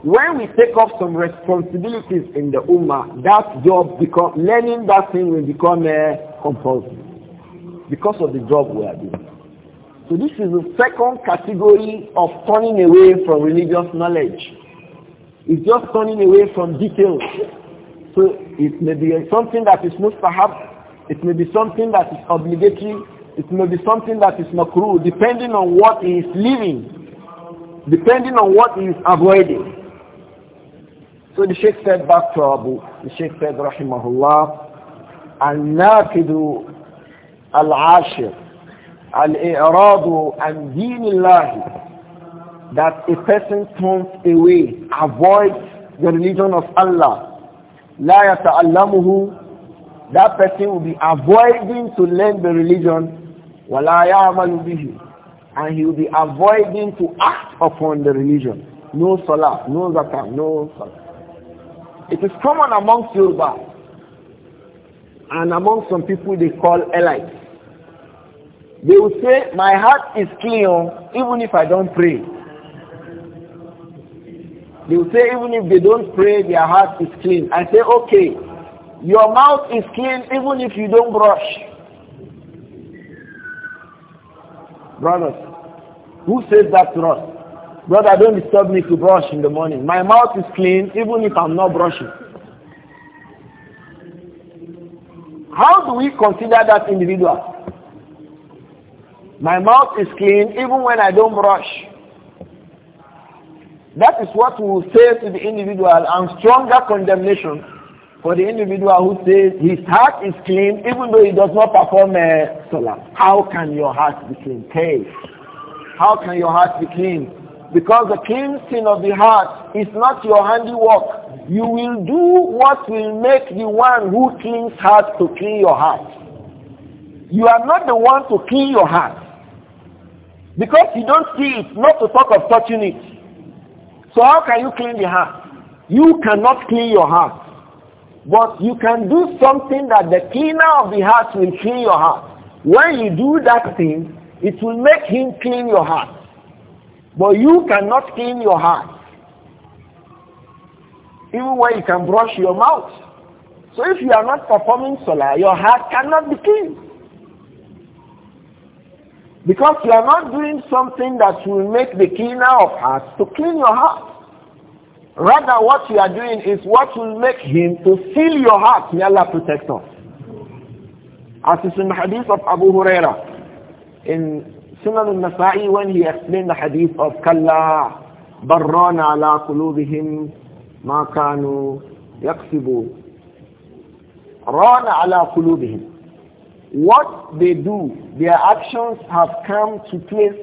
when we take up some responsibilities in the Ummah, that job become learning that thing will become uh, compulsory because of the job we are doing. So this is the second category of turning away from religious knowledge. It's just turning away from details. So it may be something that is perhaps it may be something that is obligatory, it may be something that is makruh, depending on what he is living, depending on what he is avoiding. So the Sheikh said back to Abu, the Sheikh said, Rahimahullah, al do." Al-Ashir, Al-I'radu and Dinillahi, that a person turns away, avoids the religion of Allah. La yata'allamuhu, that person will be avoiding to learn the religion. Wa la ya'malu and he will be avoiding to act upon the religion. No salah, no zakah, no salah. It is common amongst Yoruba and among some people they call elites they will say, my heart is clean even if I don't pray. They will say, even if they don't pray, their heart is clean. I say, okay, your mouth is clean even if you don't brush. Brothers, who says that to us? Brother, don't disturb me to brush in the morning. My mouth is clean even if I'm not brushing. How do we consider that individual? My mouth is clean even when I don't brush. That is what we will say to the individual and stronger condemnation for the individual who says his heart is clean even though he does not perform a uh, salah. How can your heart be clean? Hey, how can your heart be clean? Because the sin of the heart is not your handiwork. You will do what will make the one who cleans heart to clean your heart. You are not the one to clean your heart. Because you don't see it, not to talk of touching it. So how can you clean the heart? You cannot clean your heart. But you can do something that the cleaner of the heart will clean your heart. When you do that thing, it will make him clean your heart. But you cannot clean your heart. Even when you can brush your mouth. So if you are not performing salah, your heart cannot be clean. Because you are not doing something that will make the cleaner of hearts to clean your heart. Rather, what you are doing is what will make him to fill your heart. May Allah protect us. As is in the hadith of Abu Huraira, in Sunan al-Nasa'i, when he explained the hadith of Kalla, بران على قلوبهم ما كانوا يكسبون ران على قلوبهم what they do, their actions have come to place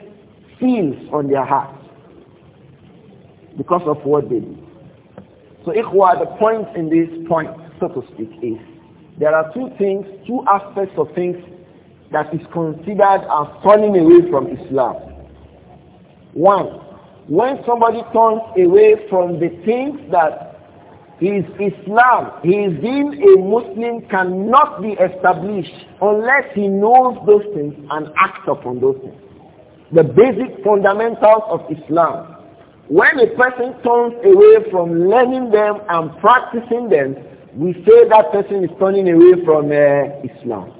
seals on their hearts because of what they do. So ikhwa, the point in this point, so to speak, is there are two things, two aspects of things that is considered as turning away from Islam. One, when somebody turns away from the things that his Islam, his being a Muslim cannot be established unless he knows those things and acts upon those things. The basic fundamentals of Islam. When a person turns away from learning them and practicing them, we say that person is turning away from uh, Islam.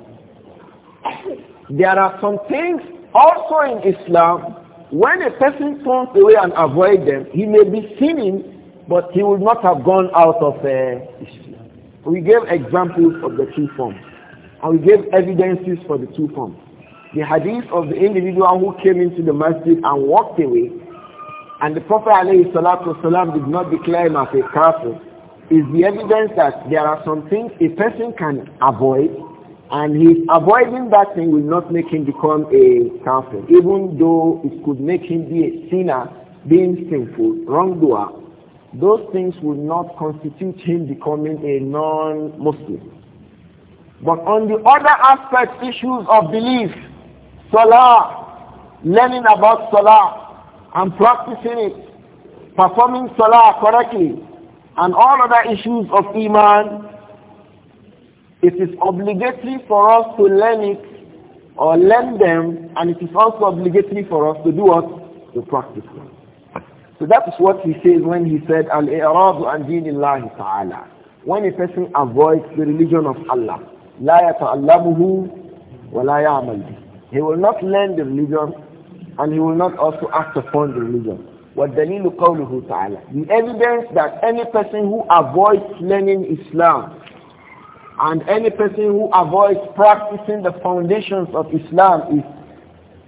There are some things also in Islam, when a person turns away and avoids them, he may be sinning but he would not have gone out of uh, Islam. We gave examples of the two forms. And we gave evidences for the two forms. The hadith of the individual who came into the masjid and walked away, and the Prophet ﷺ did not declare him as a kafir, is the evidence that there are some things a person can avoid and his avoiding that thing will not make him become a kafir, even though it could make him be a sinner, being sinful, wrongdoer, those things will not constitute him becoming a non-Muslim. But on the other aspect, issues of belief, salah, learning about salah and practicing it, performing salah correctly, and all other issues of iman, it is obligatory for us to learn it or learn them, and it is also obligatory for us to do what? To practice them. So that is what he says when he said, Al-I'radu an dinillahi ta'ala. When a person avoids the religion of Allah, لا يتعلمه ولا يعمل He will not learn the religion and he will not also act upon the religion. وَالدَّلِيلُ قَوْلُهُ تَعَالَى The evidence that any person who avoids learning Islam and any person who avoids practicing the foundations of Islam is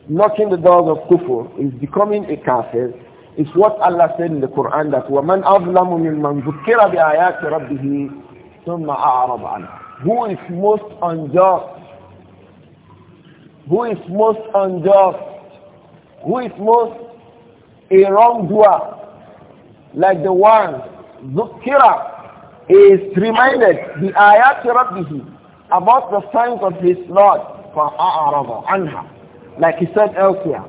knocking the doors of kufr, is becoming a kafir, it's what Allah said in the Quran that وَمَنْ أَظْلَمُ ذُكِّرَ بِآيَاتِ رَبِّهِ ثُمَّ أَعْرَضَ عَنْهُ Who is most unjust? Who is most unjust? Who is most a wrongdoer? Like the one ذُكِّرَ is reminded بِآيَاتِ رَبِّهِ about the signs of his Lord فَأَعْرَضَ عَنْهَا Like he said elsewhere.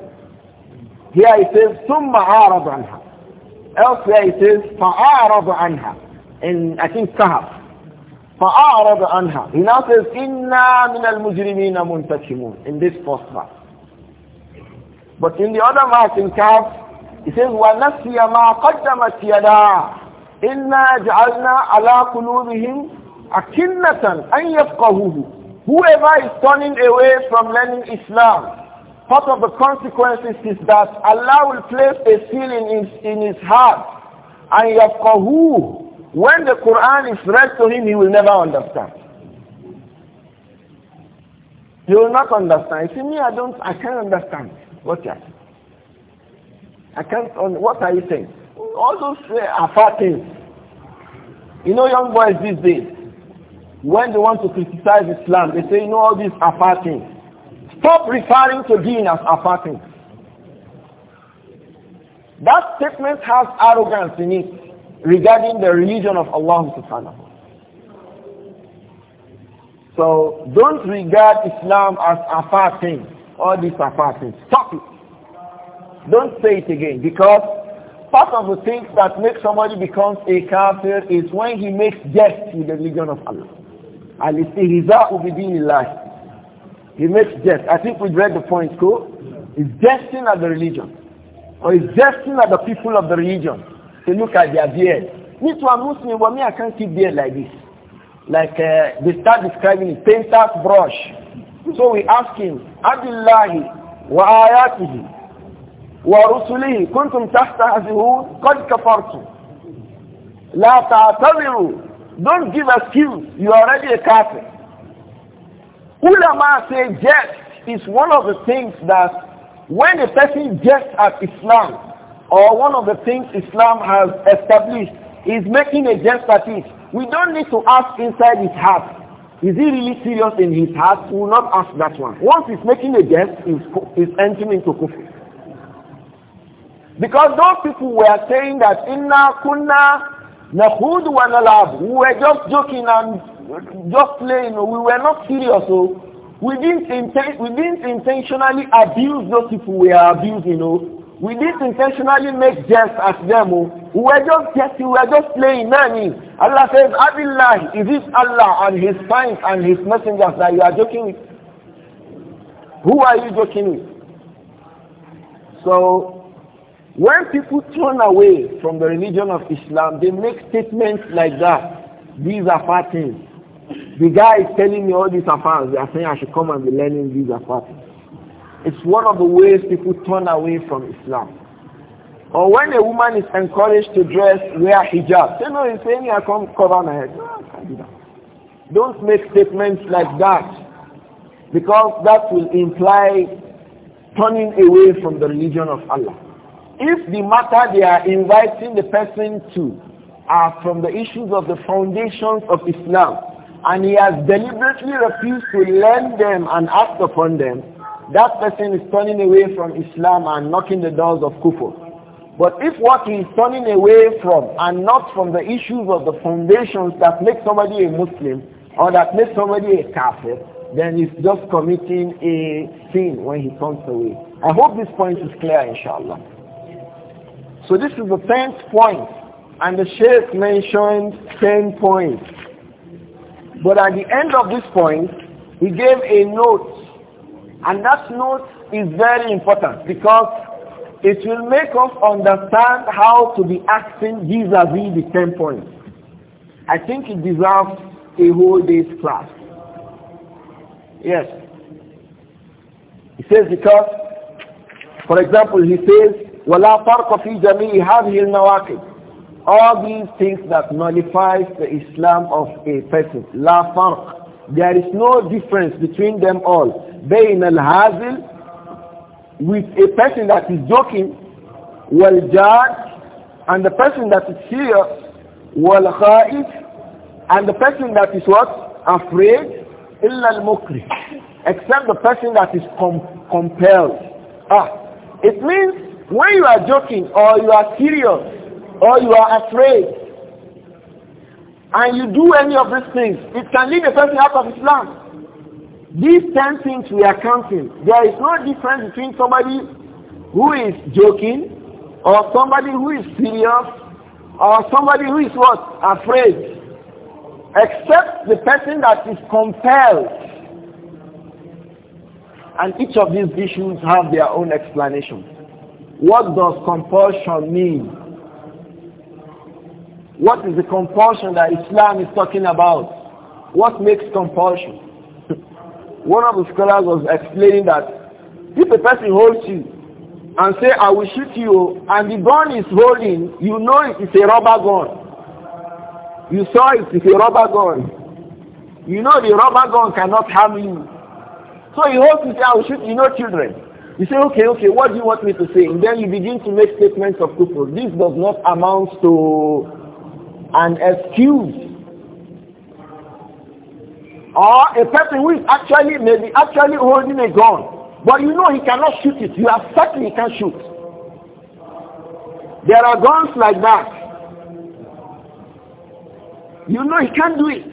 Here it says, ثُمَّ عَارَضُ عَنْهَا Elsewhere it says, فأعرض عَنْهَا إن I think, فَأَعْرَضَ عَنْهَا He now says, إِنَّا مِنَ الْمُجْرِمِينَ منتشمون In this first verse. But in the other verse in Kahf, it says, وَنَسْيَ مَا قَدَّمَتْ يدا إِنَّا جَعَلْنَا عَلَى قُلُوبِهِمْ أَكِنَّةً أَنْ يَفْقَهُوهُ Whoever is turning away from learning Islam, part of the consequences is that Allah will place a seal in his, in his heart. And yafqahu, when the Quran is read to him, he will never understand. He will not understand. You see, me, I don't, I can't understand what you I can't, what are you saying? All those uh, far things. You know young boys these days, when they want to criticize Islam, they say, you know all these are far things. Stop referring to deen as apartheid. That statement has arrogance in it regarding the religion of Allah subhanahu. So don't regard Islam as apartheid or this apartheid. Stop it. Don't say it again because part of the things that make somebody becomes a kafir is when he makes death to the religion of Allah. and Al-istihza'u bi dinillah he makes jest. I think we read the point, Go. He's jesting at the religion. Or he's jesting at the people of the religion. They look at their beard. Me too, I'm Muslim, but me, I can't keep beard like this. Like uh, they start describing it, painter's brush. So we ask him, Abdullahi wa ayatihi ورسله tahta تستهزئون قد كفرتم La تعتذروا don't give excuse you are already a Catholic. Ulama say jest is one of the things that when a person jests at Islam or one of the things Islam has established is making a jest at it. We don't need to ask inside his heart. Is he really serious in his heart? We will not ask that one. Once he's making a jest, he's, he's entering into kufr. Because those people were saying that inna kunna nahud wa nalab. We were just joking and just playing. We were not serious. So we didn't, inten- we didn't intentionally abuse those people we are abusing. Oh, We didn't intentionally make jest at them. Oh. We were just jesting. We were just playing. Nani. Allah says, Abillah, is it Allah and His signs and His messengers that you are joking with? Who are you joking with? So, when people turn away from the religion of Islam, they make statements like that. These are bad things. The guy is telling me all these affairs. They are saying I should come and be learning these affairs. It's one of the ways people turn away from Islam. Or when a woman is encouraged to dress, wear hijab. Say, no, he's saying, I come cover my head. No, I can't do Don't make statements like that. Because that will imply turning away from the religion of Allah. If the matter they are inviting the person to are from the issues of the foundations of Islam, and he has deliberately refused to lend them and act upon them, that person is turning away from Islam and knocking the doors of kufr. But if what he is turning away from and not from the issues of the foundations that make somebody a Muslim or that make somebody a kafir, then he's just committing a sin when he turns away. I hope this point is clear, inshallah. So this is the tenth point, and the Sheikh mentioned ten points. But at the end of this point, he gave a note. And that note is very important because it will make us understand how to be acting vis-a-vis the 10 points. I think it deserves a whole day's class. Yes. He says because, for example, he says, وَلَا فَرْقَ فِي جَمِيعِ هَذِهِ النَّوَاقِبِ all these things that nullifies the Islam of a person. La farq. There is no difference between them all. Bayn al-hazil, with a person that is joking, wal jad, and the person that is serious, wal khaif, and the person that is what? Afraid, illa al-mukri. Except the person that is com compelled. Ah, it means when you are joking or you are serious, or you are afraid and you do any of these things, it can lead a person out of Islam. These 10 things we are counting, there is no difference between somebody who is joking or somebody who is serious or somebody who is what? Afraid. Except the person that is compelled. And each of these issues have their own explanation. What does compulsion mean? What is the compulsion that Islam is talking about? What makes compulsion? <laughs> One of the scholars was explaining that if a person holds you and say, I will shoot you, and the gun is holding, you know it is a rubber gun. You saw it is a rubber gun. You know the rubber gun cannot harm you. So he holds it, I will shoot you, know children. You say, okay, okay, what do you want me to say? And then you begin to make statements of kufr. This does not amount to an excuse or a person who is actually maybe actually holding a gun but you know he cannot shoot it you are certain he can shoot there are guns like that you know he can't do it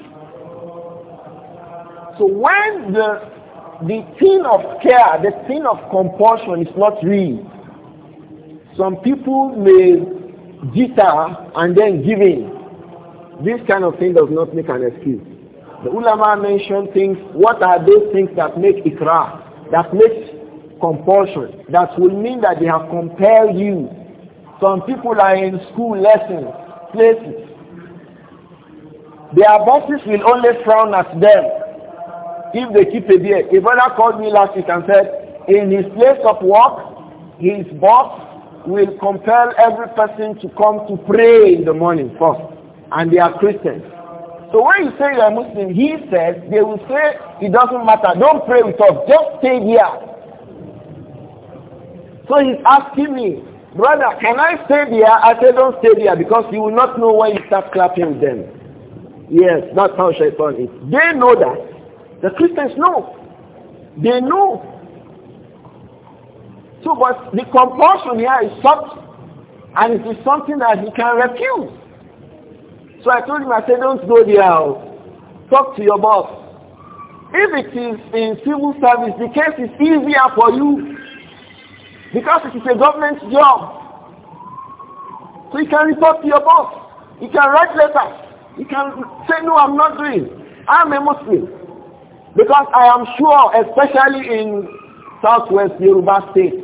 so when the the thing of care the thing of compulsion is not real some people may jitter and then give in this kind of thing does not make an excuse. The ulama mentioned things, what are those things that make ikra, that makes compulsion, that will mean that they have compelled you. Some people are in school lessons, places. Their bosses will only frown at them if they keep a beard. A brother called me last week and said, in his place of work, his boss will compel every person to come to pray in the morning first and they are Christians. So when you say you are Muslim, he says, they will say, it doesn't matter, don't pray with us, just stay here. So he's asking me, brother, can I stay here? I say, don't stay here because you will not know when you start clapping with them. Yes, that's how shaitan is. They know that. The Christians know. They know. So but the compulsion here is such and it is something that he can refuse. So I told him, I said, don't go there. Oh. Talk to your boss. If it is in civil service, the case is easier for you because it is a government job. So you can report to your boss. You can write letters. You can say, no, I'm not doing. I'm a Muslim. Because I am sure, especially in southwest Yoruba state,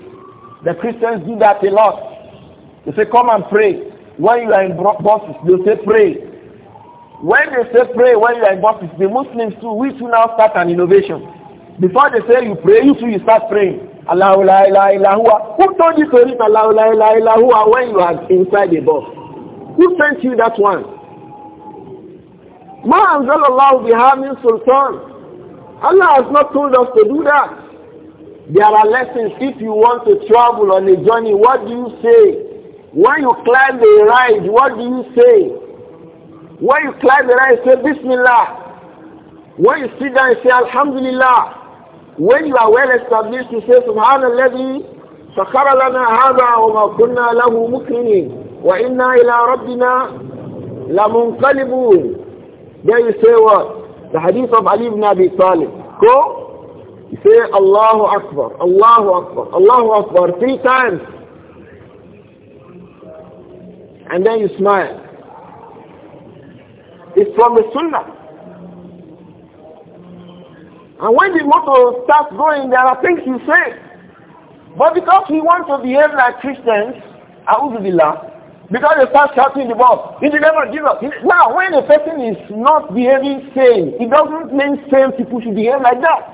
the Christians do that a lot. They say, come and pray. When you are in buses, they say pray. When they say pray, when you are in buses, the Muslims too, we too now start an innovation. Before they say you pray, you too you start praying. Allahu la ilaha illahua. Who told you to read Allahu la ilaha illahua when you are inside the bus? Who sent you that one? Ma anzalallahu bihamin sultan. Allah has not told us to do that. There are lessons if you want to travel on a journey. What do you say? When you climb the ride, what do you say? When you climb the ride, say Bismillah. When you sit down, say Alhamdulillah. When you are well established, you say Subhanallah. سخر لنا هذا وما كنا له مكرمين وإنا إلى ربنا لمنقلبون Then you say what? The hadith of Ali ibn Abi Talib. Go. You say Allahu Akbar, Allahu Akbar, Allahu Akbar three times and then you smile. It's from the Sunnah. And when the motor starts going, there are things you say. But because we want to behave like Christians, I would be Because they start shouting the ball, in the name of Jesus. Now, when a person is not behaving sane, it doesn't mean sane people should behave like that.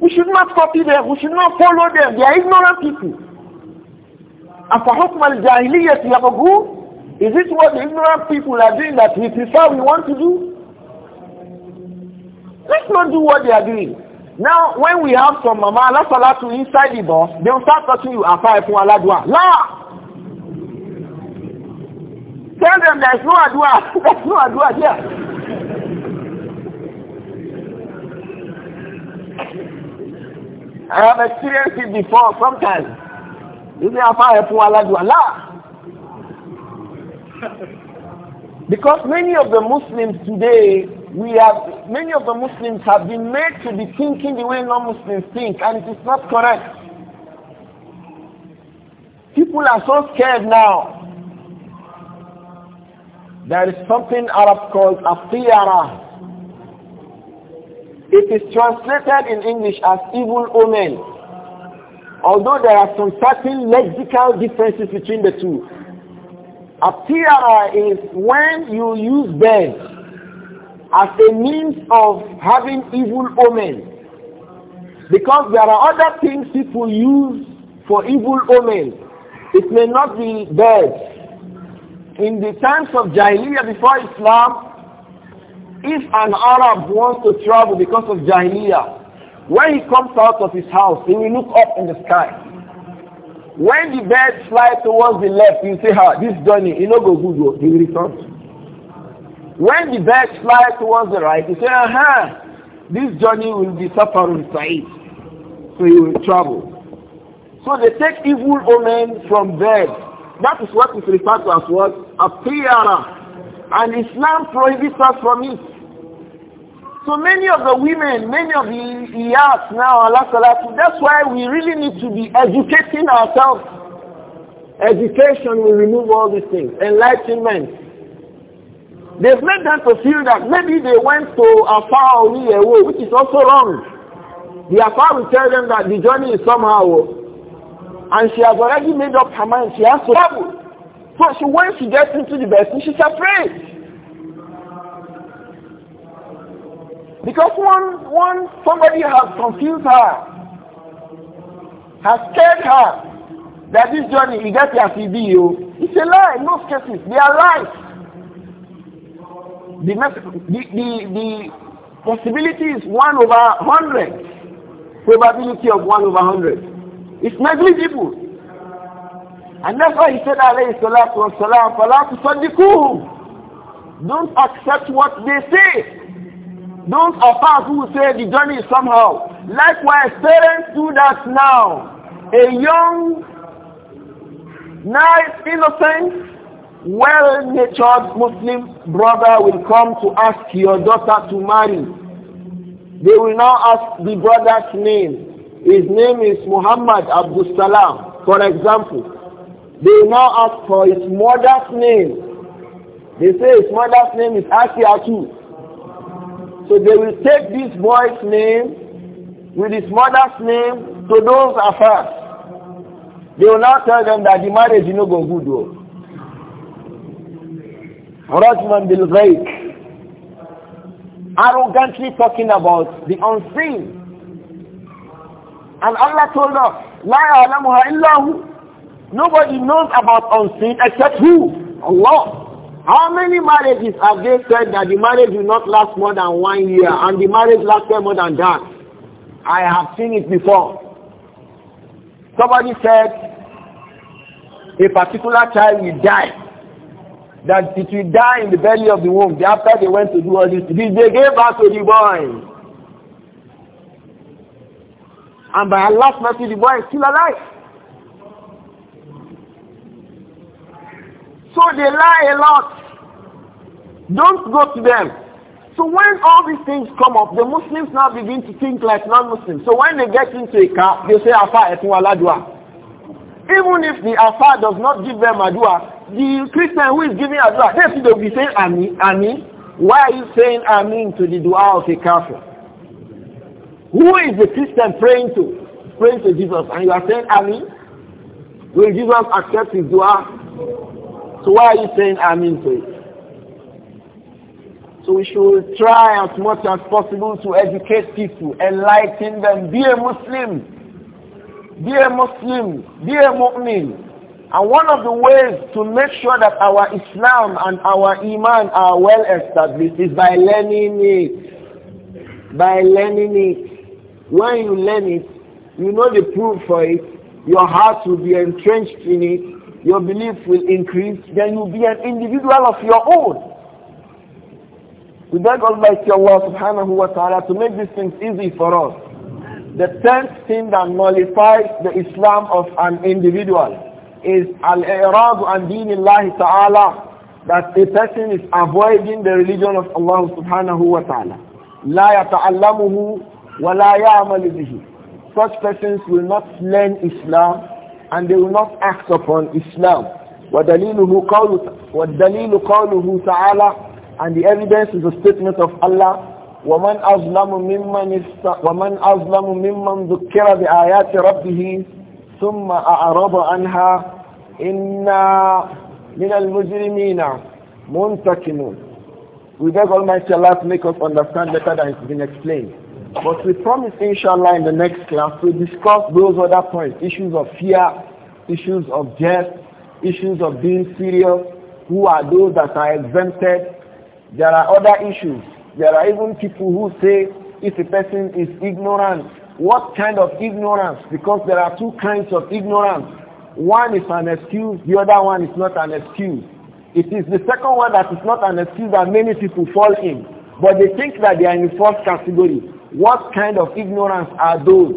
We should not copy them. We should not follow them. They are ignorant people. أفحكم الجاهلية يبغون Is it what the ignorant people are doing that we prefer we want to do? Let's not do what they are doing. Now, when we have some mama Allah salatu inside the bus, they will start touching you afar ifun aladua. La! Tell them there's no adua. <laughs> there's no adua here. I have experienced it before sometimes ilé afá ẹ̀fún from Allah because many of the Muslims today we have many of the Muslims have been made to be thinking the way non-Muslims think and it is not correct people are so scared now there is something Arab called afiyara it is translated in English as evil omen Although there are some certain lexical differences between the two. Appear is when you use them as a means of having evil omens. Because there are other things people use for evil omens. It may not be birds. In the times of Jahiliyyah before Islam, if an Arab wants to travel because of Jahiliyyah, when he comes out of his house, he will look up in the sky. When the birds fly towards the left, you say, "Ah, this journey, you know, go good, oh, he will return." When the birds fly towards the right, you say, "Aha, this journey will be for sa'id." So he will travel. So they take evil omen from birds. That is what is referred to as what? A priyara. And Islam prohibits us from it. So many of the women, many of the IAS now, that's why we really need to be educating ourselves. Education will remove all these things. Enlightenment. They've made them to feel that maybe they went to Afar away, which is also wrong. The Afar will tell them that the journey is somehow. And she has already made up her mind. She has to travel. So she, when she gets into the best, she's afraid. Because one, one, somebody has confused her, has scared her that this journey, you get your CD, It's a lie in most cases. They are lies. The, the, the, the possibility is 1 over 100. Probability of 1 over 100. It's negligible. And that's why he said, alayhi salatu wasalam, فَلَا تُصَدِّقُوهُمْ Don't accept what they say. Those of us who say the journey is somehow. Likewise, parents do that now. A young, nice, innocent, well-natured Muslim brother will come to ask your daughter to marry. They will now ask the brother's name. His name is Muhammad Abdul Salam, for example. They now ask for his mother's name. They say his mother's name is Asiatu. So they will take this boy's name with his mother's name to those affairs. They will now tell them that the marriage is not go good. Oh. Rajman bil Arrogantly talking about the unseen. And Allah told us, La ya'lamuha illahu. Nobody knows about unseen except who? Allah. How many marriages have they said that the marriage will not last more than one year and the marriage lasted more than that? I have seen it before. Somebody said a particular child will die. That it will die in the belly of the womb. After they went to do all this, they gave birth to the boy. And by Allah's mercy, the boy is still alive. So they lie a lot. Don't go to them. So when all these things come up, the Muslims now begin to think like non-Muslims. So when they get into a car, they say, Afa etun aladua. Even if the Afa does not give them adua, the Christian who is giving adua, they will be saying Ami, Ami. Why are you saying Amin to the dua of a kafir? Who is the Christian praying to? Praying to Jesus. And you are saying Amin? Will Jesus accept his dua? So why are you saying I'm to it? So we should try as much as possible to educate people, enlighten them, be a Muslim, be a Muslim, be a mu'min. And one of the ways to make sure that our Islam and our Iman are well established is by learning it. By learning it. When you learn it, you know the proof for it. Your heart will be entrenched in it your belief will increase, then you'll be an individual of your own. We beg Almighty Allah subhanahu wa ta'ala to make these things easy for us. The tenth thing that nullifies the Islam of an individual is al-i'rad an ta'ala that a person is avoiding the religion of Allah subhanahu wa ta'ala. La yata'allamuhu wa la ya'mal bihi. Such persons will not learn Islam and they will not act upon Islam. وَالدَّلِيلُ قَوْلُهُ تَعَالَى And the evidence is a statement of Allah ومن أظلم ممن ذكر بآيات ربه ثم أعرض عنها إنا من المجرمين منتكمون We beg Almighty Allah to make us understand better than it's been explained. But we promise, inshallah, in the next class we'll discuss those other points, issues of fear, issues of jest, issues of being serious, who are those that are exempted. There are other issues. There are even people who say if a person is ignorant, what kind of ignorance? Because there are two kinds of ignorance. One is an excuse, the other one is not an excuse. It is the second one that is not an excuse that many people fall in. But they think that they are in the first category. What kind of ignorance are those?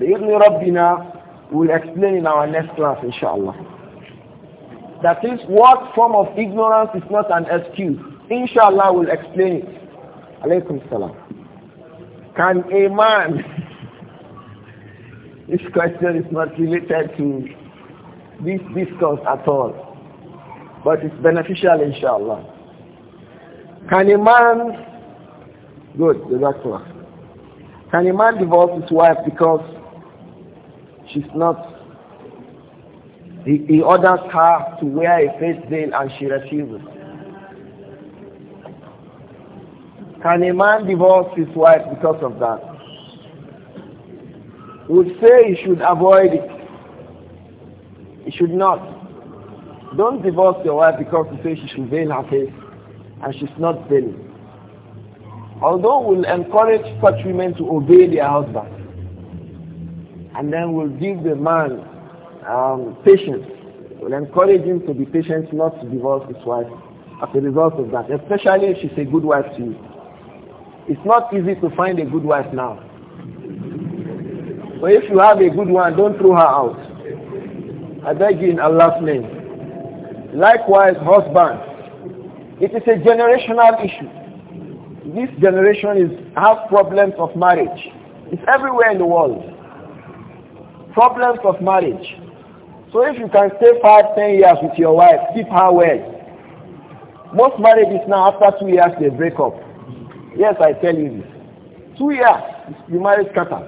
The ignorant Rabbina will explain in our next class, inshallah. That is, what form of ignorance is not an excuse? Inshallah, will explain it. Alaykum salam. Can a man, <laughs> this question is not related to this discourse at all, but it's beneficial, inshallah. Can a man, good, the doctor. Can a man divorce his wife because she's not he, he, orders her to wear a face veil and she refuses. Can a man divorce his wife because of that? We would say he should avoid it. He should not. Don't divorce your wife because you say she should veil her face and she's not veiling. Although we'll encourage such women to obey their husbands, and then we'll give the man um, patience. We'll encourage him to be patient, not to divorce his wife as a result of that, especially if she's a good wife to you. It's not easy to find a good wife now. But if you have a good one, don't throw her out. I beg you in Allah's name. Likewise, husband. It is a generational issue this generation is has problems of marriage. It's everywhere in the world. Problems of marriage. So if you can stay five, ten years with your wife, keep her well. Most marriages now after two years they break up. Yes, I tell you this. Two years, you marriage scatters.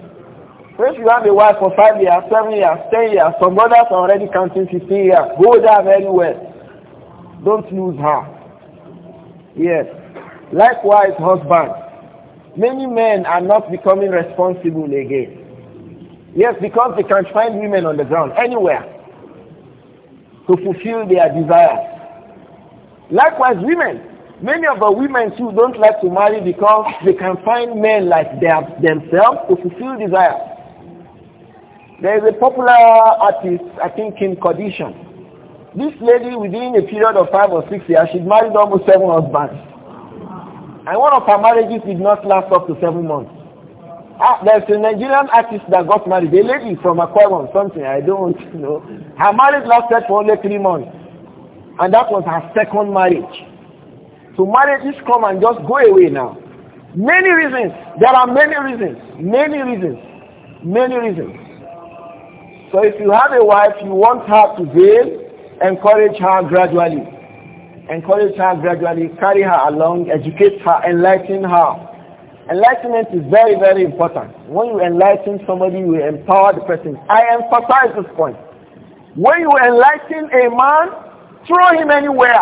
So if you have a wife for five years, seven years, ten years, some brothers are already counting fifteen years. Go there very well. Don't lose her. Yes. Likewise, husband. Many men are not becoming responsible again. Yes, because they can find women on the ground, anywhere, to fulfill their desires. Likewise, women. Many of the women too don't like to marry because they can find men like themselves to fulfill desires. There is a popular artist, I think Kim Kardashian. This lady, within a period of five or six years, she married almost seven husbands. And one of her marriages did not last up to seven months. Ah, there's a Nigerian artist that got married, a lady from Aquarium, something, I don't <laughs> know. Her marriage lasted for only three months. And that was her second marriage. So marriages come and just go away now. Many reasons. There are many reasons. Many reasons. Many reasons. So if you have a wife, you want her to veil, encourage her gradually encourage her gradually, carry her along, educate her, enlighten her. Enlightenment is very, very important. When you enlighten somebody, you empower the person. I emphasize this point. When you enlighten a man, throw him anywhere.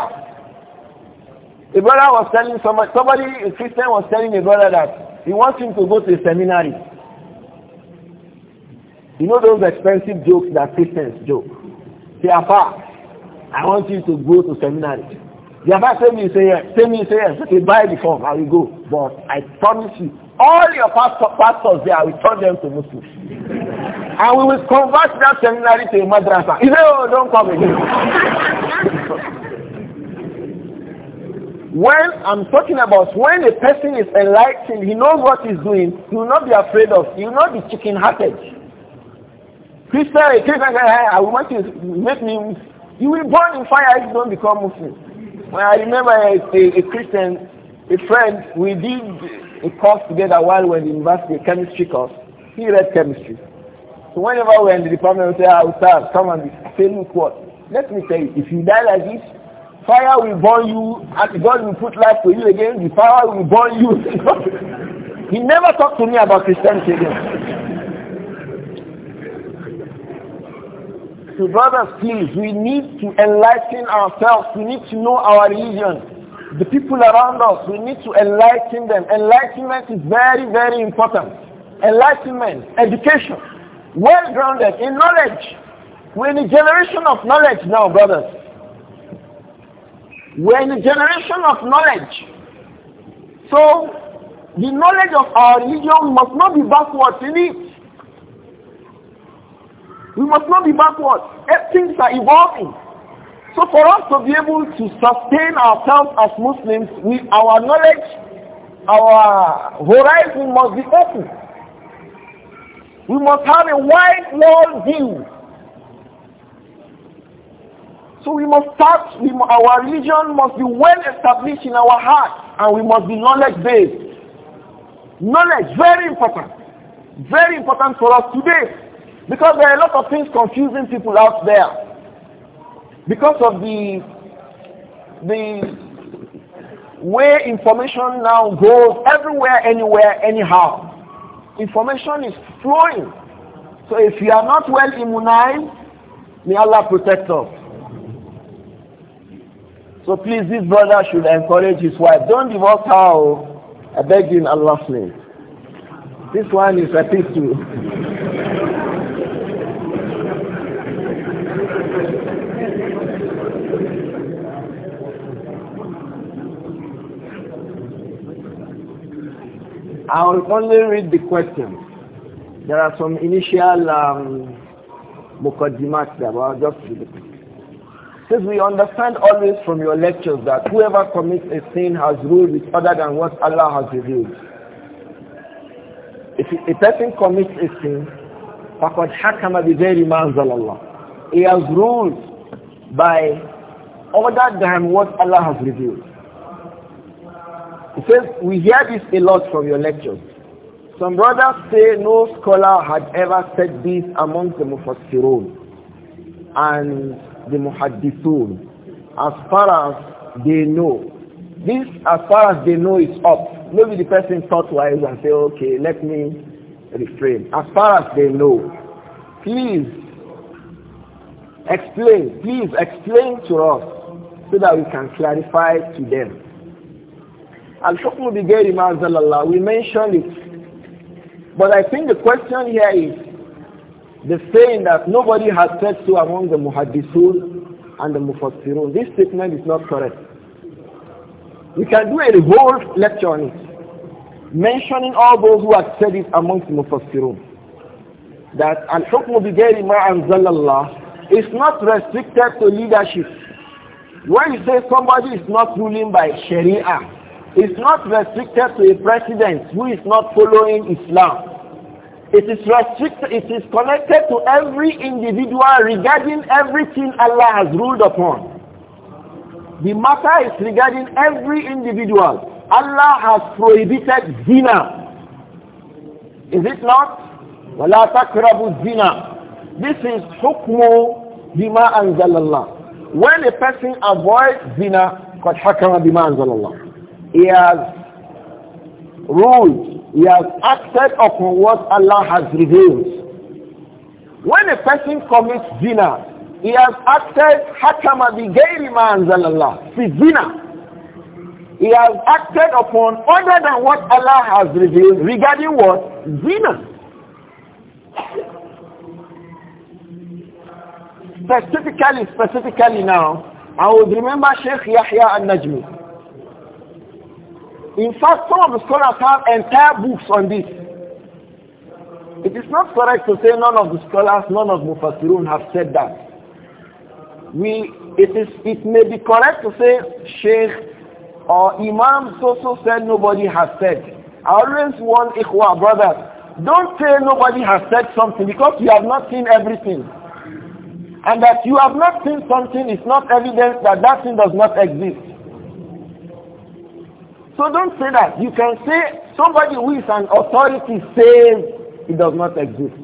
A brother was telling somebody, somebody, a Christian was telling a brother that he wants him to go to a seminary. You know those expensive jokes that Christians joke? Say, Papa, I want you to go to seminary. The other tell me say yes, tell me say yes, okay, buy the form, I will go. But I promise you, all your pastor, pastors there, I will turn them to Muslims. <laughs> and we will convert that seminary to a madrasa. He said, oh, don't come again. <laughs> when I'm talking about when a person is enlightened, he knows what he's doing, he will not be afraid of, he will not be chicken-hearted. Christian, Christian, I, I want you to make me, you will burn in fire if you don't become Muslim. Well, I remember a, a, a, Christian, a friend, we did a course together while we were in university, a chemistry course. He read chemistry. So whenever we were in the department, we say, I ah, will start, come and say, look what. Let me tell you, if you die like this, fire will burn you, and God will put life to you again, the fire will burn you. <laughs> he never talked to me about Christianity again. brothers, please, we need to enlighten ourselves. We need to know our religion. The people around us, we need to enlighten them. Enlightenment is very, very important. Enlightenment, education, well grounded in knowledge. We're in a generation of knowledge now, brothers. We're in a generation of knowledge. So, the knowledge of our religion must not be backwards We need we must not be backward. Eh, things are evolving. So for us to be able to sustain ourselves as Muslims, we, our knowledge, our horizon must be open. We must have a wide world view. So we must start, we, our religion must be well established in our heart and we must be knowledge based. Knowledge, very important. Very important for us today. Because there are a lot of things confusing people out there. Because of the the way information now goes everywhere, anywhere, anyhow. Information is flowing. So if you are not well immunized, may Allah protect us. So please, this brother should encourage his wife. Don't divorce her. Oh. I beg you in Allah's name. This one is a pistol. <laughs> I will only read the question. There are some initial um, there, but I'll just read it. Since we understand always from your lectures that whoever commits a sin has ruled with other than what Allah has revealed. If a person commits a sin, فَقَدْ حَكَمَ بِغَيْرِ مَا اللَّهِ He has ruled by other than what Allah has revealed. He says, we hear this a lot from your lectures. Some brothers say no scholar had ever said this among the Mufassirun and the Muhaddithun. As far as they know, this as far as they know is up. Maybe the person thought wise and say, okay, let me refrain. As far as they know, please explain, please explain to us so that we can clarify to them. Al-Hukm bi Gairi Ma'azalallah, we mentioned it. But I think the question here is the saying that nobody has said so among the muhaddisul and the Mufassirun. This statement is not correct. We can do a whole lecture on it, mentioning all those who have said it amongst the Mufassirun. That Al-Hukm bi Gairi Ma'azalallah is not restricted to leadership. When you say somebody is not ruling by Sharia, is not restricted to a president who is not following Islam. It is restricted, it is connected to every individual regarding everything Allah has ruled upon. The matter is regarding every individual. Allah has prohibited zina. Is it not? وَلَا تَقْرَبُوا zina. This is hukmu bima anzalallah. When a person avoids zina, قَدْ حَكَمَ بِمَا أَنزَلَ اللَّهُ he has ruled. He has acted upon what Allah has revealed. When a person commits zina, he has acted hakama bigayri ma fi zina. He has acted upon other than what Allah has revealed regarding what? Zina. Specifically, specifically now, I would remember Sheikh Yahya al-Najmi. In fact, some of the scholars have entire books on this. It is not correct to say none of the scholars, none of Mufassirun have said that. We, it, is, it may be correct to say Sheikh or Imam so-so said nobody has said. I always warn Ikhwa, brothers, don't say nobody has said something because you have not seen everything. And that you have not seen something is not evidence that that thing does not exist. So don't say that. You can say somebody who is an authority says it does not exist.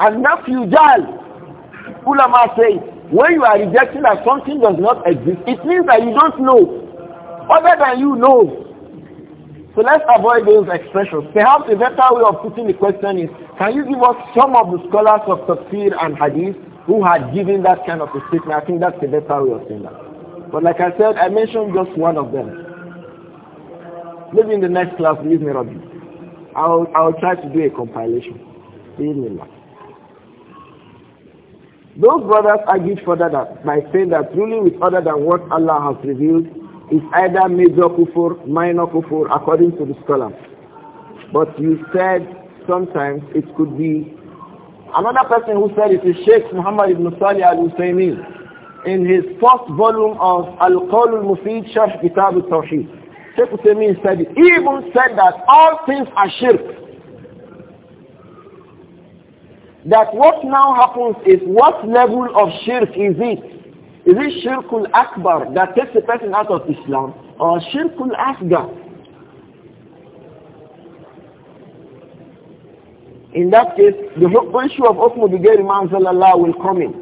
And nephew Jal, ulama say, when you are rejecting that something does not exist, it means that you don't know. Other than you know. So let's avoid those expressions. Perhaps a better way of putting the question is, can you give us some of the scholars of Tafsir and Hadith who had given that kind of a statement? I think that's a better way of saying that. But like I said, I mentioned just one of them. Maybe in the next class, leave me Rabbi. I'll, I'll try to do a compilation. Those brothers argued further that by saying that ruling with other than what Allah has revealed is either major kufur, minor kufur, according to the scholars. But you said sometimes it could be another person who said it is Sheikh Muhammad ibn Salih al-Husaymin in his first volume of Al-Qawl al-Mufid Sharh Kitab al-Tawheed said He even said that all things are shirk. That what now happens is what level of shirk is it? Is it shirkul akbar that takes a person out of Islam or shirkul asgar? In that case, the issue of Ukmu Bigari Man will come in.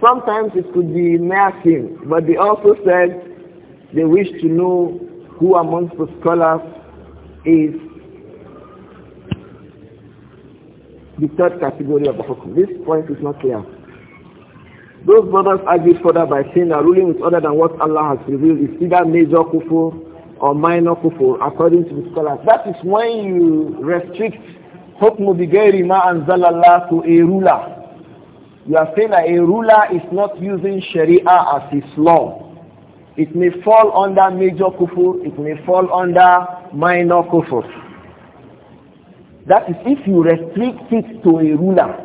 Sometimes it could be mere but they also said they wish to know who amongst the scholars is the third category of the hukum. This point is not clear. Those brothers argued further by saying that ruling is other than what Allah has revealed is either major kufur or minor kufur according to the scholars. That is when you restrict hukmu bigayri ma anzalallah to a ruler you are saying that a ruler is not using Sharia as his law. It may fall under major kufur, it may fall under minor kufur. That is if you restrict it to a ruler.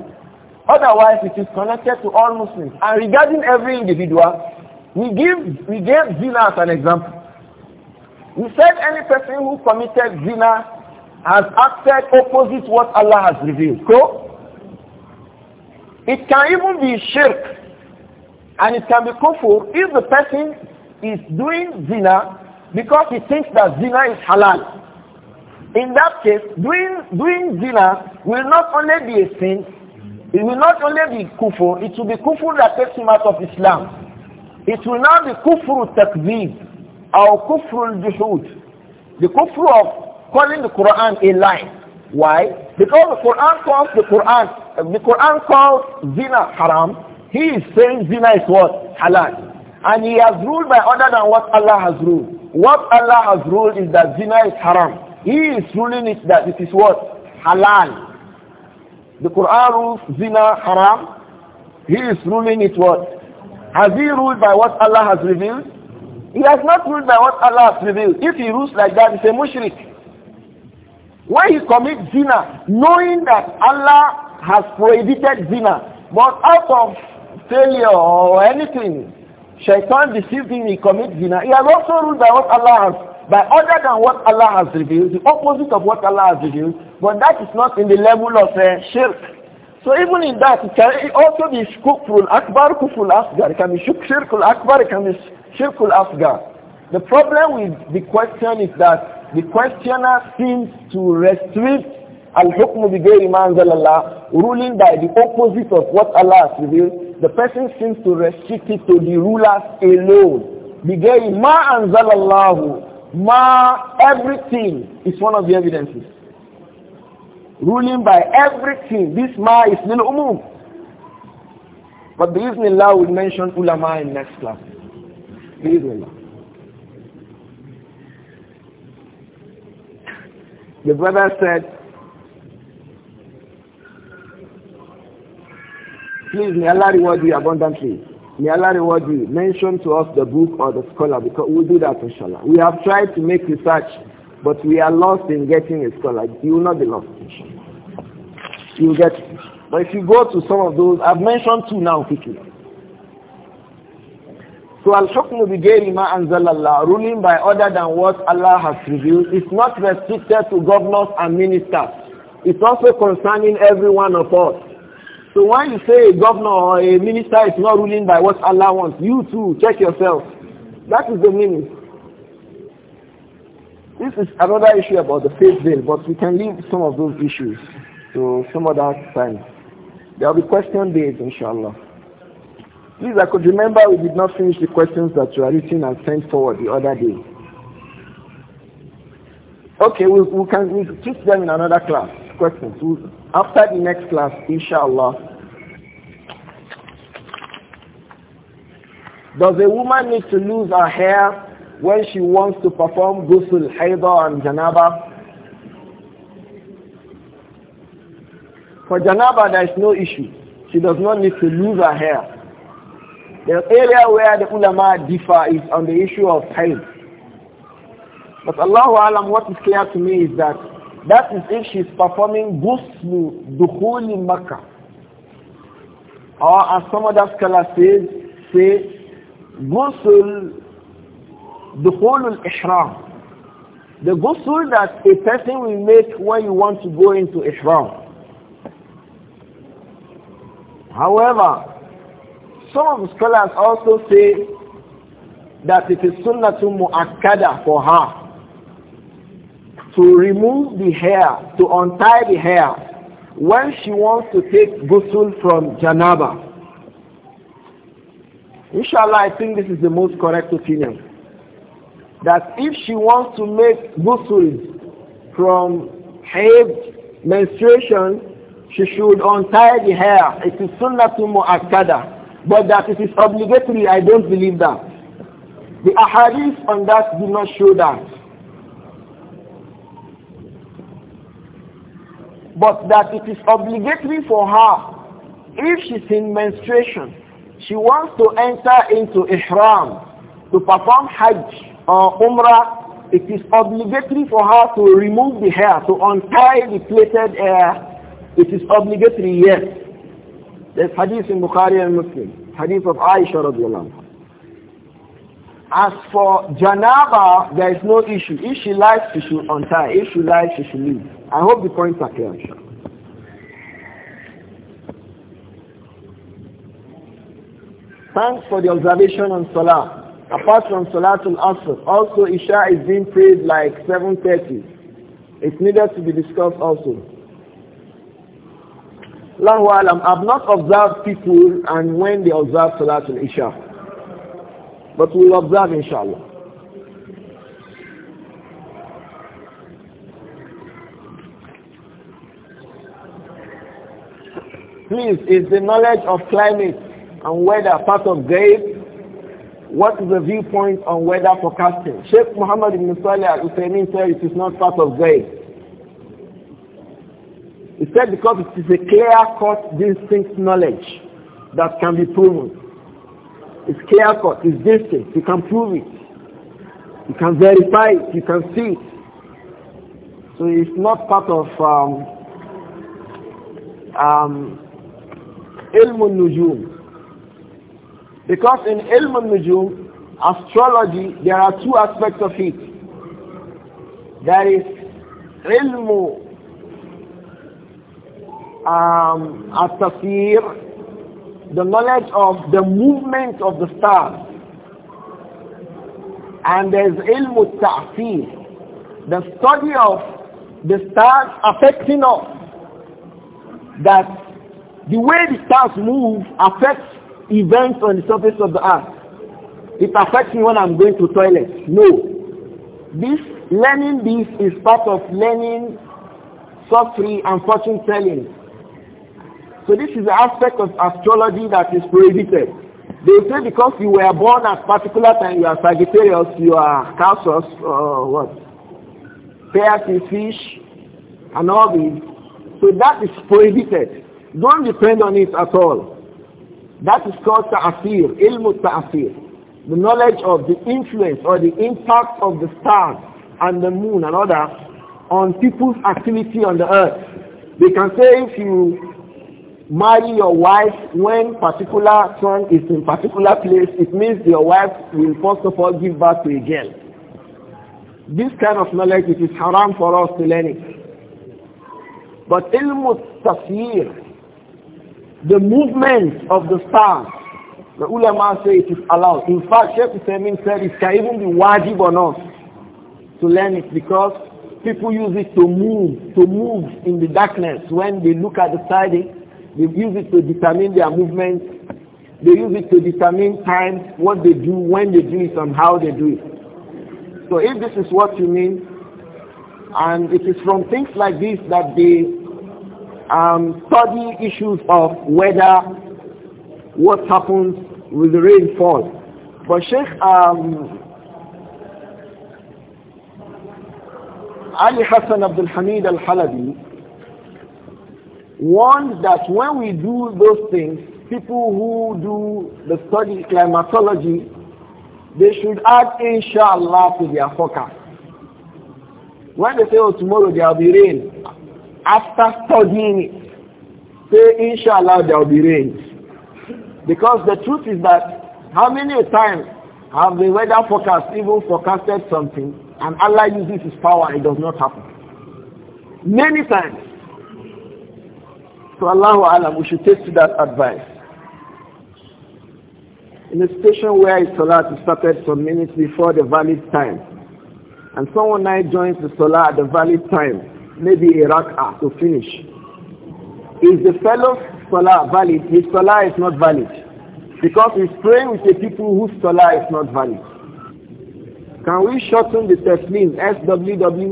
Otherwise, it is connected to all Muslims. And regarding every individual, we give we gave zina as an example. We said any person who committed zina has acted opposite what Allah has revealed. So, it can even be shirk and it can be kufur if the person is doing zina because he thinks that zina is halal. In that case, doing, doing zina will not only be a sin, it will not only be kufur, it will be kufur that takes him out of Islam. It will not be kufur takzib or kufur al-juhud. The kufur of calling the Quran a lie why? Because the Quran calls the Quran, the Quran calls zina haram. He is saying zina is what? Halal. And he has ruled by other than what Allah has ruled. What Allah has ruled is that zina is haram. He is ruling it that it is what? Halal. The Quran rules zina haram. He is ruling it what? Has he ruled by what Allah has revealed? He has not ruled by what Allah has revealed. If he rules like that, he's a mushrik. When he commits zina, knowing that Allah has prohibited zina, but out of failure or anything, shaitan deceived him, he commits zina. He has also ruled by what Allah has by other than what Allah has revealed, the opposite of what Allah has revealed, but that is not in the level of uh, shirk. So even in that, it can also be kufrul akbar, kuful asgar. It can be shirkul akbar, it can be shirkul asgar. The problem with the question is that the questioner seems to restrict al-hukm bi ghayri Allah, ruling by the opposite of what Allah has revealed, the person seems to restrict it to the rulers alone. Bi ghayri ma anzalallahu, ma everything is one of the evidences. Ruling by everything, this ma is lil umum. But the Allah will mention ulama in next class. Bismillah. The brother said, Please, may Allah reward you abundantly. May Allah reward you. Mention to us the book or the scholar because we'll do that inshallah. We have tried to make research, but we are lost in getting a scholar. You will not be lost inshallah. You will get it. But if you go to some of those, I've mentioned two now quickly. So al-hukmu gairi ma anzalallah, ruling by other than what Allah has revealed, is not restricted to governors and ministers. It's also concerning every one of us. So when you say a governor or a minister is not ruling by what Allah wants, you too, check yourself. That is the meaning. This is another issue about the faith veil, but we can leave some of those issues to some other time. There will be question days, inshallah. Please, I could remember we did not finish the questions that you are written and sent forward the other day. Okay, we, we can we teach them in another class. Questions. we after the next class, inshallah. Does a woman need to lose her hair when she wants to perform ghusl, haida and janaba? For janaba, there is no issue. She does not need to lose her hair. The area where the ulama differ is on the issue of haid. But Allahu alam, what is clear to me is that that is if she is performing ghusl dukhul in Makkah. Or as some other scholars say, say ghusl dukhul al-ihram. The ghusl that a person will make when you want to go into ihram. However, some of the scholars also say that it is sunnatu mu'akkada for her to remove the hair, to untie the hair when she wants to take ghusl from janaba. Inshallah, I think this is the most correct opinion. That if she wants to make ghusl from haid menstruation, she should untie the hair. It is sunnah to mu'akkada. But that it is obligatory, I don't believe that. The ahadith on that do not show that. But that it is obligatory for her, if she's in menstruation, she wants to enter into ihram to perform hajj or umrah, it is obligatory for her to remove the hair, to untie the plaited hair. It is obligatory, yes. There's hadith in Bukhari and Muslim, hadith of Aisha radiallahu anha. As for Janaba, there is no issue. If she likes, she should untie. If she likes, she should leave. I hope the points are clear. Thanks for the observation on Salah. Apart from Salatul Asr, also Isha is being prayed like 7.30. It's needed to be discussed also. Allahu alam, I've not observed people and when they observe in Isha. But we'll observe inshallah. Please, is the knowledge of climate and weather part of grave? What is the viewpoint on weather forecasting? Sheikh Muhammad ibn Salih al-Uthaymeen said it is not part of grave. He said because it is a clear-cut distinct knowledge that can be proven. It's clear-cut, it's distinct, you can prove it. You can verify it, you can see it. So it's not part of um, um, ilm nujum because in ilm nujum astrology there are two aspects of it there is ilm um, at the knowledge of the movement of the stars. And there's ilm al-ta'fir, the study of the stars affecting us. That the way the stars move affects events on the surface of the earth. It affects me when I'm going to toilet. No. This learning this is part of learning sorcery and fortune telling so this is the aspect of astrology that is prohibited. They say because you were born at particular time, you are Sagittarius, you are Cancers, uh, what? Pears and fish, and all these. So that is prohibited. Don't depend on it at all. That is called ta'asir, ilmu ta'asir. The knowledge of the influence or the impact of the stars and the moon and others on people's activity on the earth. They can say if you marry your wife when particular son is in particular place, it means your wife will first of all give birth to a girl. This kind of knowledge, it is haram for us to learn it. But ilmu tafsir, the movement of the stars, the ulama say it is allowed. In fact, Sheikh Hussein said it can even be wajib on us to learn it because people use it to move, to move in the darkness when they look at the side they use it to determine their movements. They use it to determine time, what they do, when they do it, and how they do it. So if this is what you mean, and it is from things like this that they um, study issues of weather, what happens with the rainfall. But Sheikh um, Ali Hassan Abdul Hamid Al-Halabi warned that when we do those things, people who do the study climatology, they should add inshallah to their forecast. When they say, oh, tomorrow there will be rain, after studying it, say, inshallah, there will be rain. Because the truth is that how many times have the weather forecast even forecasted something and Allah uses his power, it does not happen. Many times. So Allah Alam, we should take to that advice. In a station where a salat is started some minutes before the valid time, and someone now joins the salah at the valid time, maybe a rak'ah to finish. Is the fellow salah valid? His salah is not valid. Because he's praying with the people whose salah is not valid. Can we shorten the taslim, SWW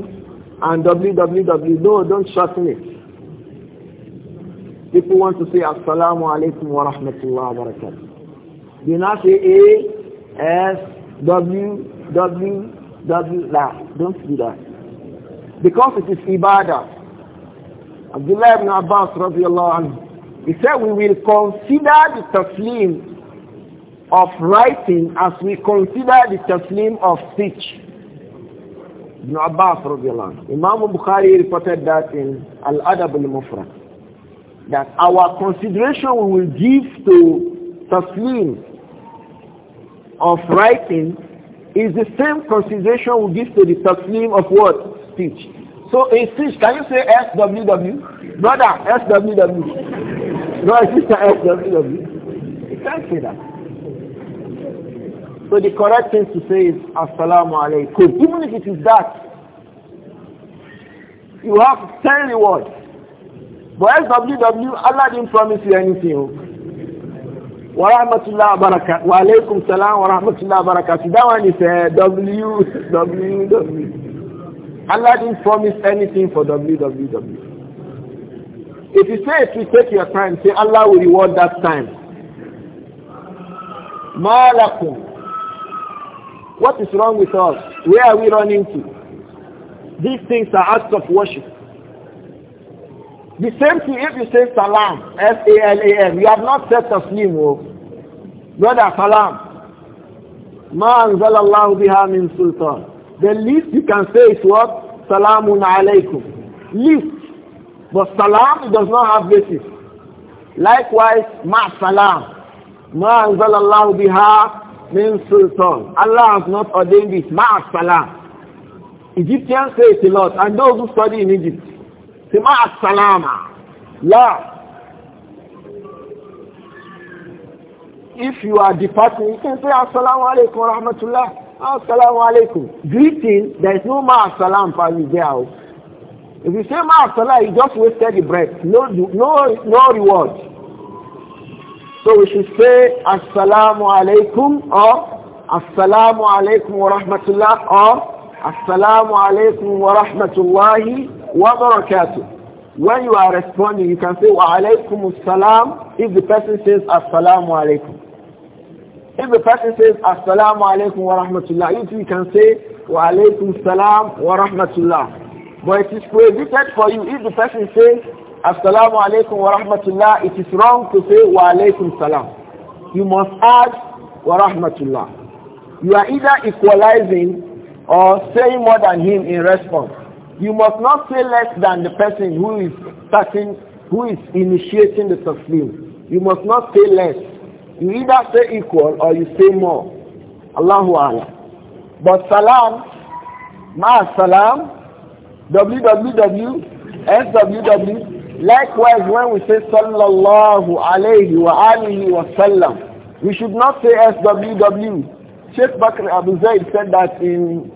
and WWW? No, don't shorten it. People want to say Assalamu alaikum wa rahmatullahi wa barakatuh. Do not say A, S, W, W, W, La. Don't do that. Because it is Ibadah. Abdullah ibn Abbas radiallahu anhu, he said we will consider the taslim of writing as we consider the taslim of speech. Ibn Abbas radiallahu anhu. Imam Bukhari reported that in Al-Adab al-Mufrad that our consideration we will give to taslim of writing is the same consideration we give to the taslim of what? Speech. So a speech, can you say SWW? Brother, SWW. no, sister, SWW. You can't say that. So the correct thing to say is Assalamu alaikum. Even if it is that, you have 10 rewards. But SWW, Allah didn't promise you anything. Wa rahmatullah barakatuh. Wa alaykum salam wa rahmatullah barakatuh. That one is uh, W, <laughs> Allah didn't promise anything for WWW. If you say it will take your time, say Allah will reward that time. Malakum. What is wrong with us? Where are we running to? These things are acts of worship. The same thing if you say salam, S-A-L-A-M, you have not said taslim, oh. Brother, salam. Ma anzalallahu biha min sultan. The least you can say is what? Salamun alaykum. Least. But salam does not have basis. Likewise, ma salam. Ma anzalallahu biha min sultan. Allah has not ordained this. Ma salam. Egyptians say it a lot, and those who study in Egypt, Sima salama. La. If you are departing, you can say Assalamu alaikum wa rahmatullah. Assalamu alaikum. Greeting, there is no ma salam for you there. Oh. If you say ma salam, you just wasted the breath. No, no, no reward. So we should say Assalamu alaikum or Assalamu alaikum wa rahmatullah or Assalamu alaikum wa rahmatullahi wa barakatuh. When you are responding, you can say wa alaykum salam if the person says assalamu alaykum. If the person says assalamu alaykum wa rahmatullah, you can say wa alaykum salam wa rahmatullah. But it is prohibited for you if the person says assalamu alaykum wa rahmatullah, it is wrong to say wa alaykum salam. You must add wa rahmatullah. You are either equalizing or saying more than him in response. You must not say less than the person who is starting, who is initiating the taslim. You must not say less. You either say equal or you say more. Allahu Allah. But salam, ma salam, www, sww. Likewise, when we say sallallahu alayhi wa alihi wa sallam, we should not say sww. Sheikh Bakr Abu Zaid said that in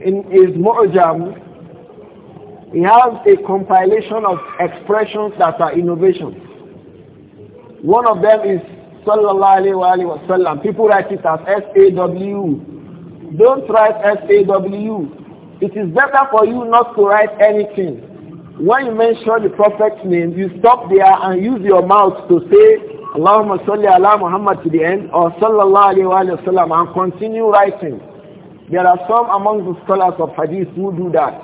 in his Mu'jam, he has a compilation of expressions that are innovations. One of them is sallallahu alayhi wasallam. People write it as S-A-W. Don't write S-A-W. It is better for you not to write anything. When you mention the prophet's name, you stop there and use your mouth to say Allahumma salli ala Muhammad to the end or sallallahu alayhi wasallam, and continue writing. There are some among the scholars of hadith who do that.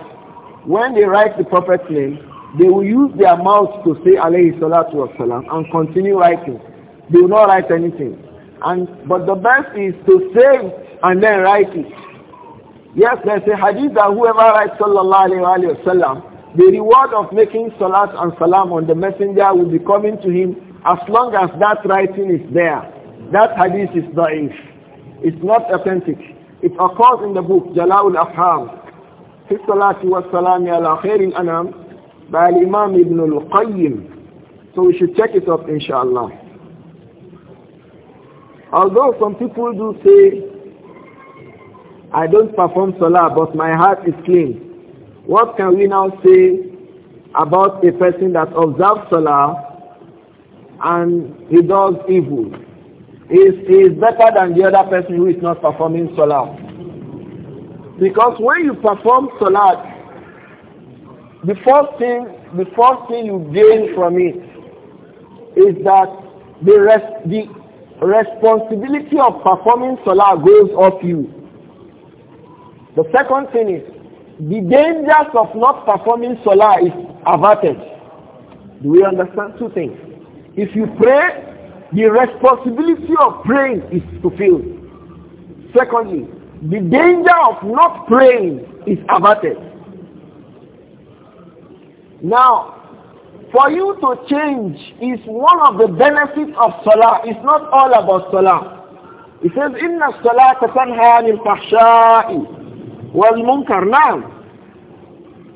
When they write the prophet's name, they will use their mouth to say alayhi salatu wasalam and continue writing. They will not write anything. And But the best is to save and then write it. Yes, there's a hadith that whoever writes sallallahu alayhi wa sallam, the reward of making salat and salam on the messenger will be coming to him as long as that writing is there. That hadith is da'if. It's not authentic. It occurs in the book Jala'ul Afham, في wa salam على خير الأنام by Imam Ibn al-Qayyim. So we should check it up inshallah. Although some people do say, I don't perform salah but my heart is clean. What can we now say about a person that observes salah and he does evil? is, is better than the other person who is not performing salah. Because when you perform salah, the first thing, the first thing you gain from it is that the, res the responsibility of performing salah goes off you. The second thing is the dangers of not performing salah is averted. Do we understand two things? If you pray the responsibility of praying is fulfilled. Secondly, the danger of not praying is averted. Now, for you to change is one of the benefits of salah. It's not all about salah. It says, "Inna salah tanha anil fahsha'i wal munkar." Now,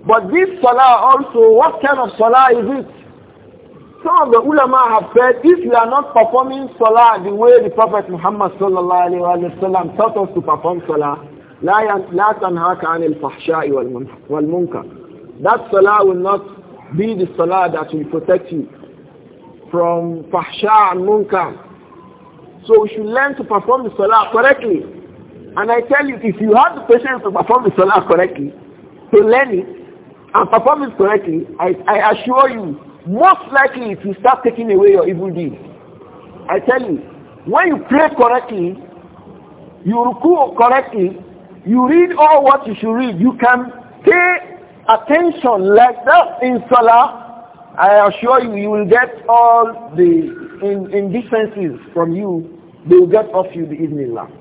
but this salah also, what kind of salah is it? some of the ulama have said if you are not performing salah the way the Prophet Muhammad sallallahu alayhi taught us to perform salah, لا تنهاك عن الفحشاء والمنكر. That salah will not be the salah that will protect you from fahsha and munkar. So we should learn to perform the salah correctly. And I tell you, if you have the patience to perform the salah correctly, to learn it, and perform it correctly, I, I assure you, most likely it will start taking away your evil deeds. I tell you, when you pray correctly, you recite correctly, you read all what you should read, you can pay attention like that in Salah, I assure you, you will get all the indifferences from you, they will get off you the evening lamp.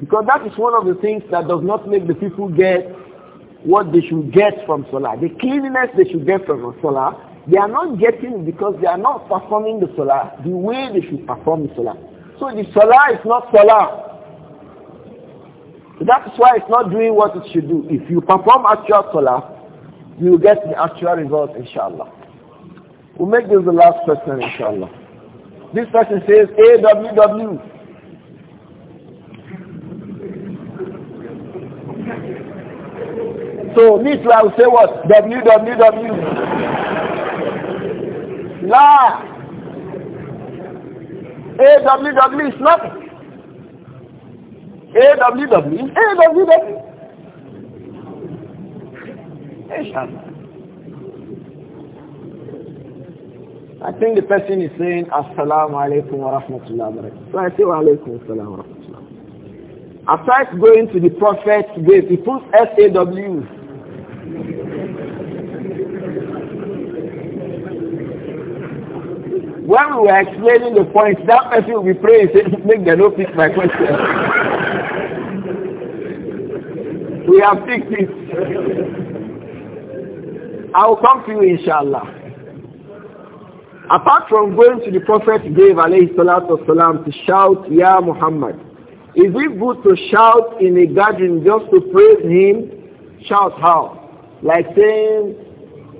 Because that is one of the things that does not make the people get what they should get from Salah. The cleanliness they should get from Salah they are not getting because they are not performing the salah the way they should perform the salah. So the salah is not salah. That is why it's not doing what it should do. If you perform actual salah, you will get the actual result, inshallah. We'll make this the last person, inshallah. This person says, AWW. So this I will say what? WWW. La. AWW is nothing. AWW is AWW. I think the person is saying Assalamu alaikum wa rahmatullahi wa barakatuh. So I say wa alaikum wa Aside going to the prophet's grave, he puts S-A-W When we were explaining the point, that person will be praying, <laughs> make them not fix my question. <laughs> we have fixed it. I will come to you, inshallah. Apart from going to the Prophet gave alayhi salatu to shout, Ya Muhammad. Is it good to shout in a garden just to praise him? Shout how? Like saying,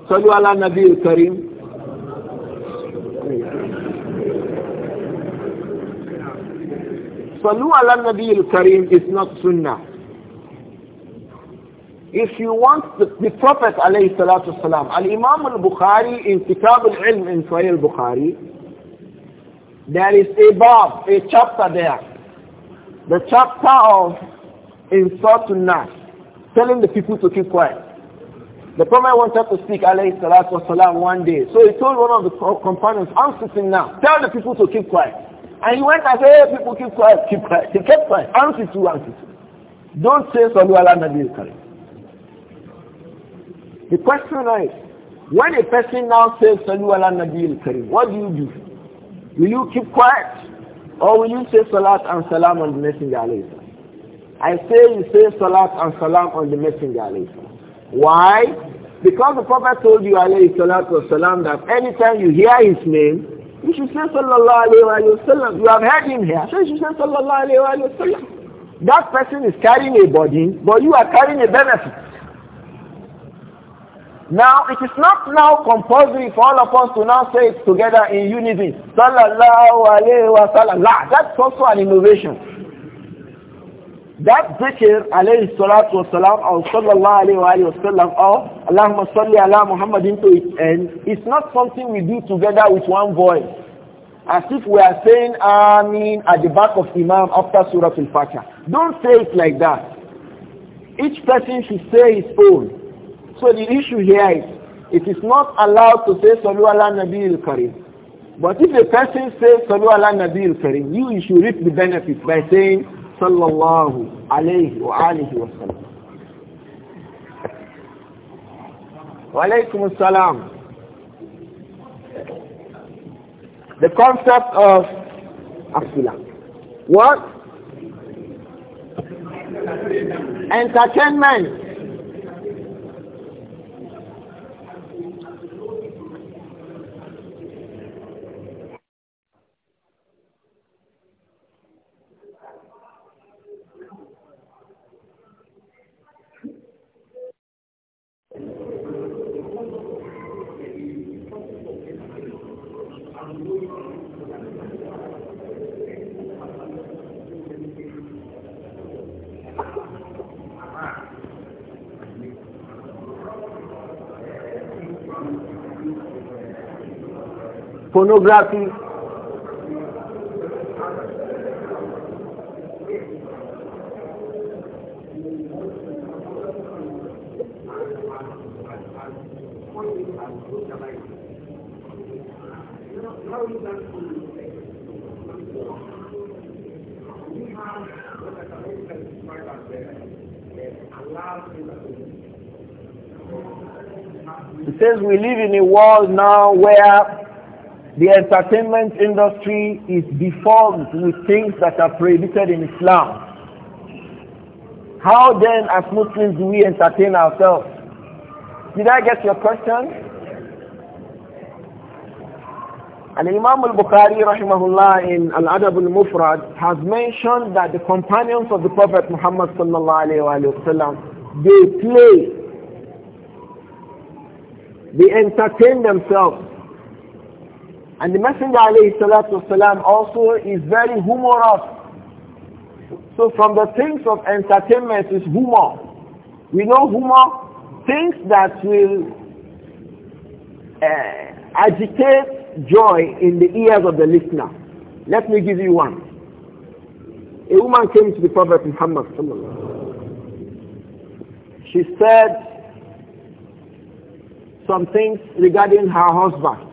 Sallu ala Nabi Karim, Salu ala Nabi al-Karim is not sunnah. If you want the, the Prophet alayhi salatu salam, al-Imam al-Bukhari in Kitab al-Ilm in Sahih al-Bukhari, there is a bab, a chapter there. The chapter of to nas, telling the people to keep quiet. The Prophet wanted to speak alayhi salatu wasalam one day. So he told one of the companions, I'm sitting now. Tell the people to keep quiet. And he went and said, hey, people keep quiet, keep quiet. Keep kept quiet. I'm sitting, I'm sitting. Don't say Sallu ala Nabi The question is, when a person now says Salu ala al what do you do? Will you keep quiet? Or will you say Salat and Salam on the Messenger alayhi I say you say Salat and Salam on the Messenger alayhi Why? Because the Prophet told you, alayhi salatu wasalam, that anytime you hear his name, you should say sallallahu alayhi wa sallam. You have heard him here, so you should say sallallahu alayhi wa sallam. That person is carrying a burden, but you are carrying a benefit. Now, it is not now compulsory for all of us to now say it together in unison. Sallallahu alayhi wa sallam. That's also an innovation. That zikr, alayhi salatu wa salam, or sallallahu alayhi wa sallam, or Allahumma salli ala Muhammadin to its end, it's not something we do together with one voice. As if we are saying Ameen at the back of Imam after Surah Al-Fatiha. Don't say it like that. Each person should say his own. So the issue here is, it is not allowed to say Sallu ala Nabi al-Karim. But if a person says Sallu ala Nabi al-Karim, you, you should reap the benefit by saying صلى الله عليه وآله وسلم وعليكم السلام The concept of Asila. What? Entertainment. He It says we live in a world now where the entertainment industry is deformed with things that are prohibited in Islam. How then, as Muslims, do we entertain ourselves? Did I get your question? And Imam al-Bukhari rahimahullah in Al-Adab al-Mufrad has mentioned that the companions of the Prophet Muhammad sallallahu alayhi wa they play, they entertain themselves and the Messenger also is very humorous. So from the things of entertainment is humor. We know humor, things that will uh, agitate joy in the ears of the listener. Let me give you one. A woman came to the Prophet Muhammad. She said some things regarding her husband.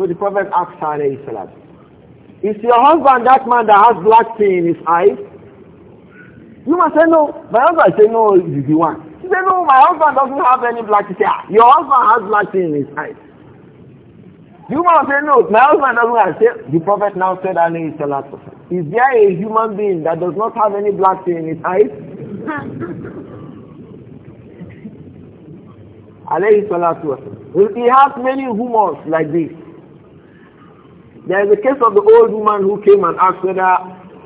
So the Prophet asked her, Is your husband that man that has black thing in his eyes? You must say no. My husband said no, you the one. She said no, my husband doesn't have any black thing. Ah, your husband has black thing in his eyes. You must say no, my husband doesn't have say, The Prophet now said, alayhi salatu Is there a human being that does not have any black thing in his eyes? <laughs> alayhi salatu He has many humors like this. There is a case of the old woman who came and asked whether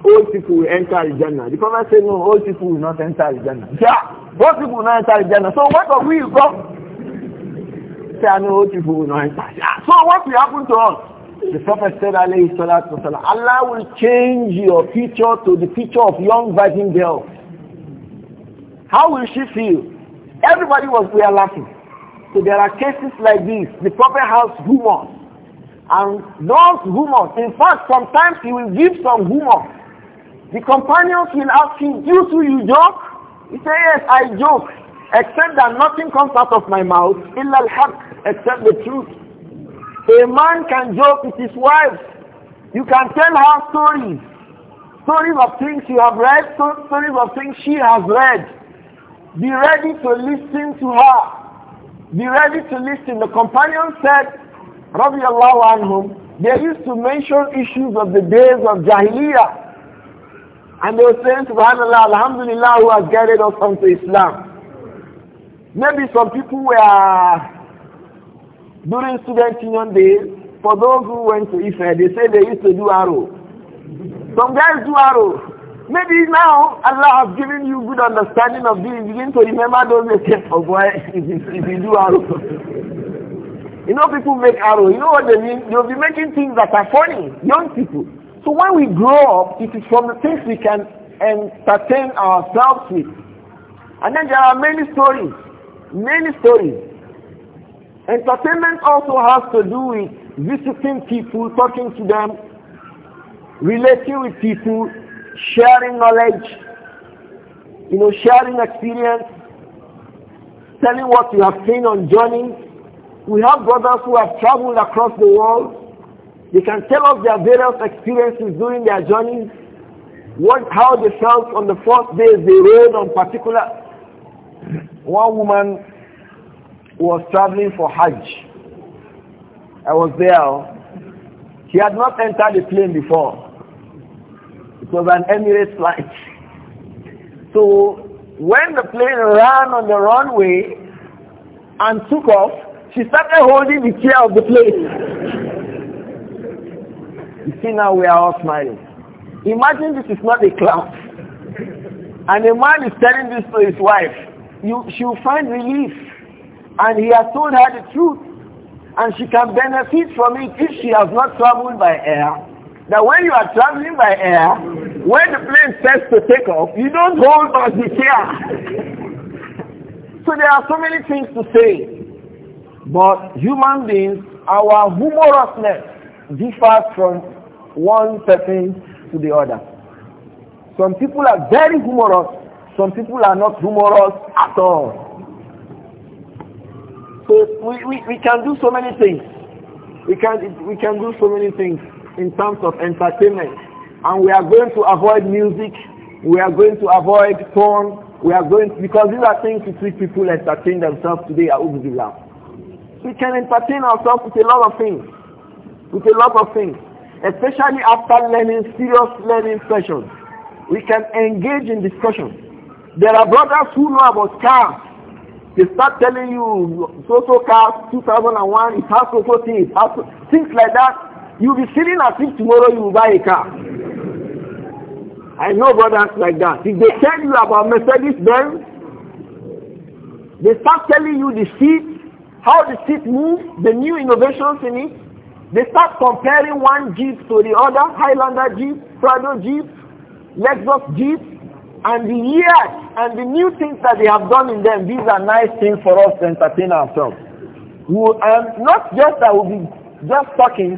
old people will enter Jannah. The Prophet said, no, old people will not enter Jannah. Yeah, ah, old people will not enter Jannah. So what of we from? Say, I know old people will not enter. Yeah. So what will happen to us? The Prophet said, alayhi salatu wasalam, Allah will change your future to the future of young virgin girls. How will she feel? Everybody was, we are laughing. So there are cases like this. The Prophet has rumors. And those humor. in fact, sometimes he will give some humor. The companions will ask him, you too, you joke? He says, yes, I joke, except that nothing comes out of my mouth, except the truth. A man can joke with his wife. You can tell her stories. Stories of things you have read, stories of things she has read. Be ready to listen to her. Be ready to listen. The companion said, radiallahu anhum, they used to mention issues of the days of Jahiliyyah. And they were saying, subhanallah, alhamdulillah, who has guided us unto Islam. Maybe some people were, during student union days, for those who went to Ife, they say they used to do arrow. Some guys do arrow. Maybe now Allah has given you good understanding of this. You begin to remember those days. <laughs> Oh boy, <laughs> if you do arrow. You know people make arrow. You know what they mean? They'll be making things that are funny. Young people. So when we grow up, it is from the things we can entertain ourselves with. And then there are many stories. Many stories. Entertainment also has to do with visiting people, talking to them, relating with people, sharing knowledge, you know, sharing experience, telling what you have seen on journeys, we have brothers who have traveled across the world. They can tell us their various experiences during their journeys, what, how they felt on the first days they rode on particular. <clears throat> One woman was traveling for Hajj. I was there. She had not entered the plane before. It was an Emirates flight. <laughs> So when the plane ran on the runway and took off, she started holding the chair of the place. You see now we are all smiling. Imagine this is not a class. And a man is telling this to his wife. You, she will find relief. And he has told her the truth. And she can benefit from it if she has not traveled by air. That when you are traveling by air, when the plane starts to take off, you don't hold on the chair. <laughs> so there are so many things to say. But human beings, our humorousness differs from one person to the other. Some people are very humorous, some people are not humorous at all. So we, we, we can do so many things. We can, we can do so many things in terms of entertainment. And we are going to avoid music. We are going to avoid porn. We are going to, because these are things which people entertain themselves today at Ubudullah. We can entertain ourselves with a lot of things. With a lot of things. Especially after learning serious learning sessions. We can engage in discussion. There are brothers who know about cars. They start telling you so-so cars, 2001, it has of so things, things like that. You'll be feeling as if tomorrow you will buy a car. I know brothers like that. If they tell you about Mercedes Benz, they start telling you the seat, how the Jeep moves, the new innovations in it. They start comparing one Jeep to the other, Highlander Jeep, Prado Jeep, Lexus Jeep, and the years and the new things that they have done in them. These are nice things for us to entertain ourselves. We um, not just that we'll be just talking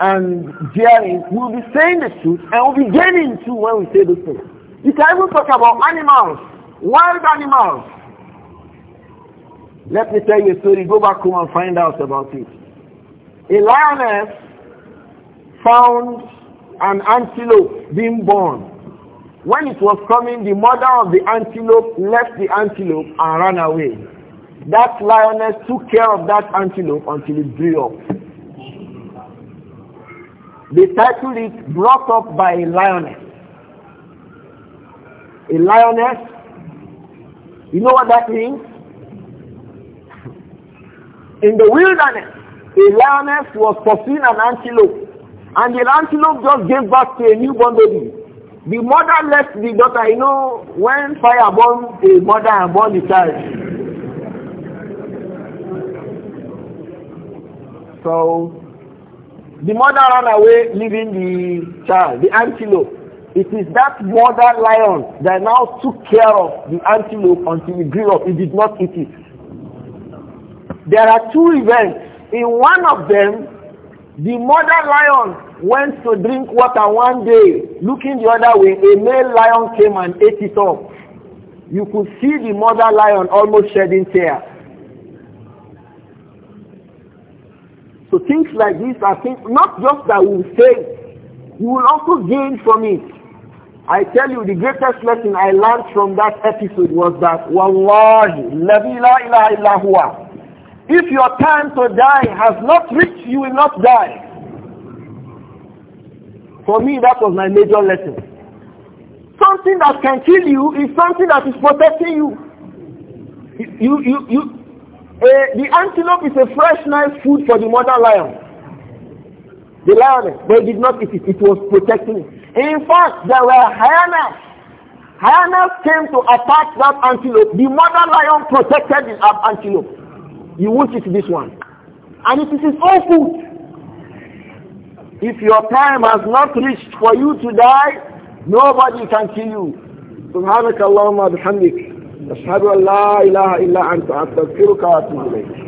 and daring, we'll be saying the truth and we'll be gaining too when we say the truth. You can even talk about animals, wild animals. Let me tell you a story. Go back home and find out about it. A lioness found an antelope being born. When it was coming, the mother of the antelope left the antelope and ran away. That lioness took care of that antelope until it grew up. They titled it Brought Up by a Lioness. A lioness, you know what that means? In the wilderness, a lioness was pursuing an antelope, and the antelope just gave birth to a newborn baby. The mother left the daughter. You know, when fire burns the mother and burns the child. So, the mother ran away, leaving the child, the antelope. It is that mother lion that now took care of the antelope until it grew up. It did not eat it. There are two events. In one of them, the mother lion went to drink water one day, looking the other way. A male lion came and ate it up. You could see the mother lion almost shedding tears. So things like this are things, not just that we say, you will also gain from it. I tell you, the greatest lesson I learned from that episode was that, Wallahi, la ilaha illa huwa. If your time to die has not reached, you will not die. For me, that was my major lesson. Something that can kill you is something that is protecting you. You, you, you. Uh, the antelope is a fresh, nice food for the mother lion. The lion, but it did not eat it. It was protecting it. In fact, there were hyenas. Hyenas came to attack that antelope. The mother lion protected the antelope you won't eat this one. And it is all food. If your time has not reached for you to die, nobody can kill you. Subhanakallahumma bihamdik. Ashhadu an la ilaha illa anta astaghfiruka wa atubu ilayk.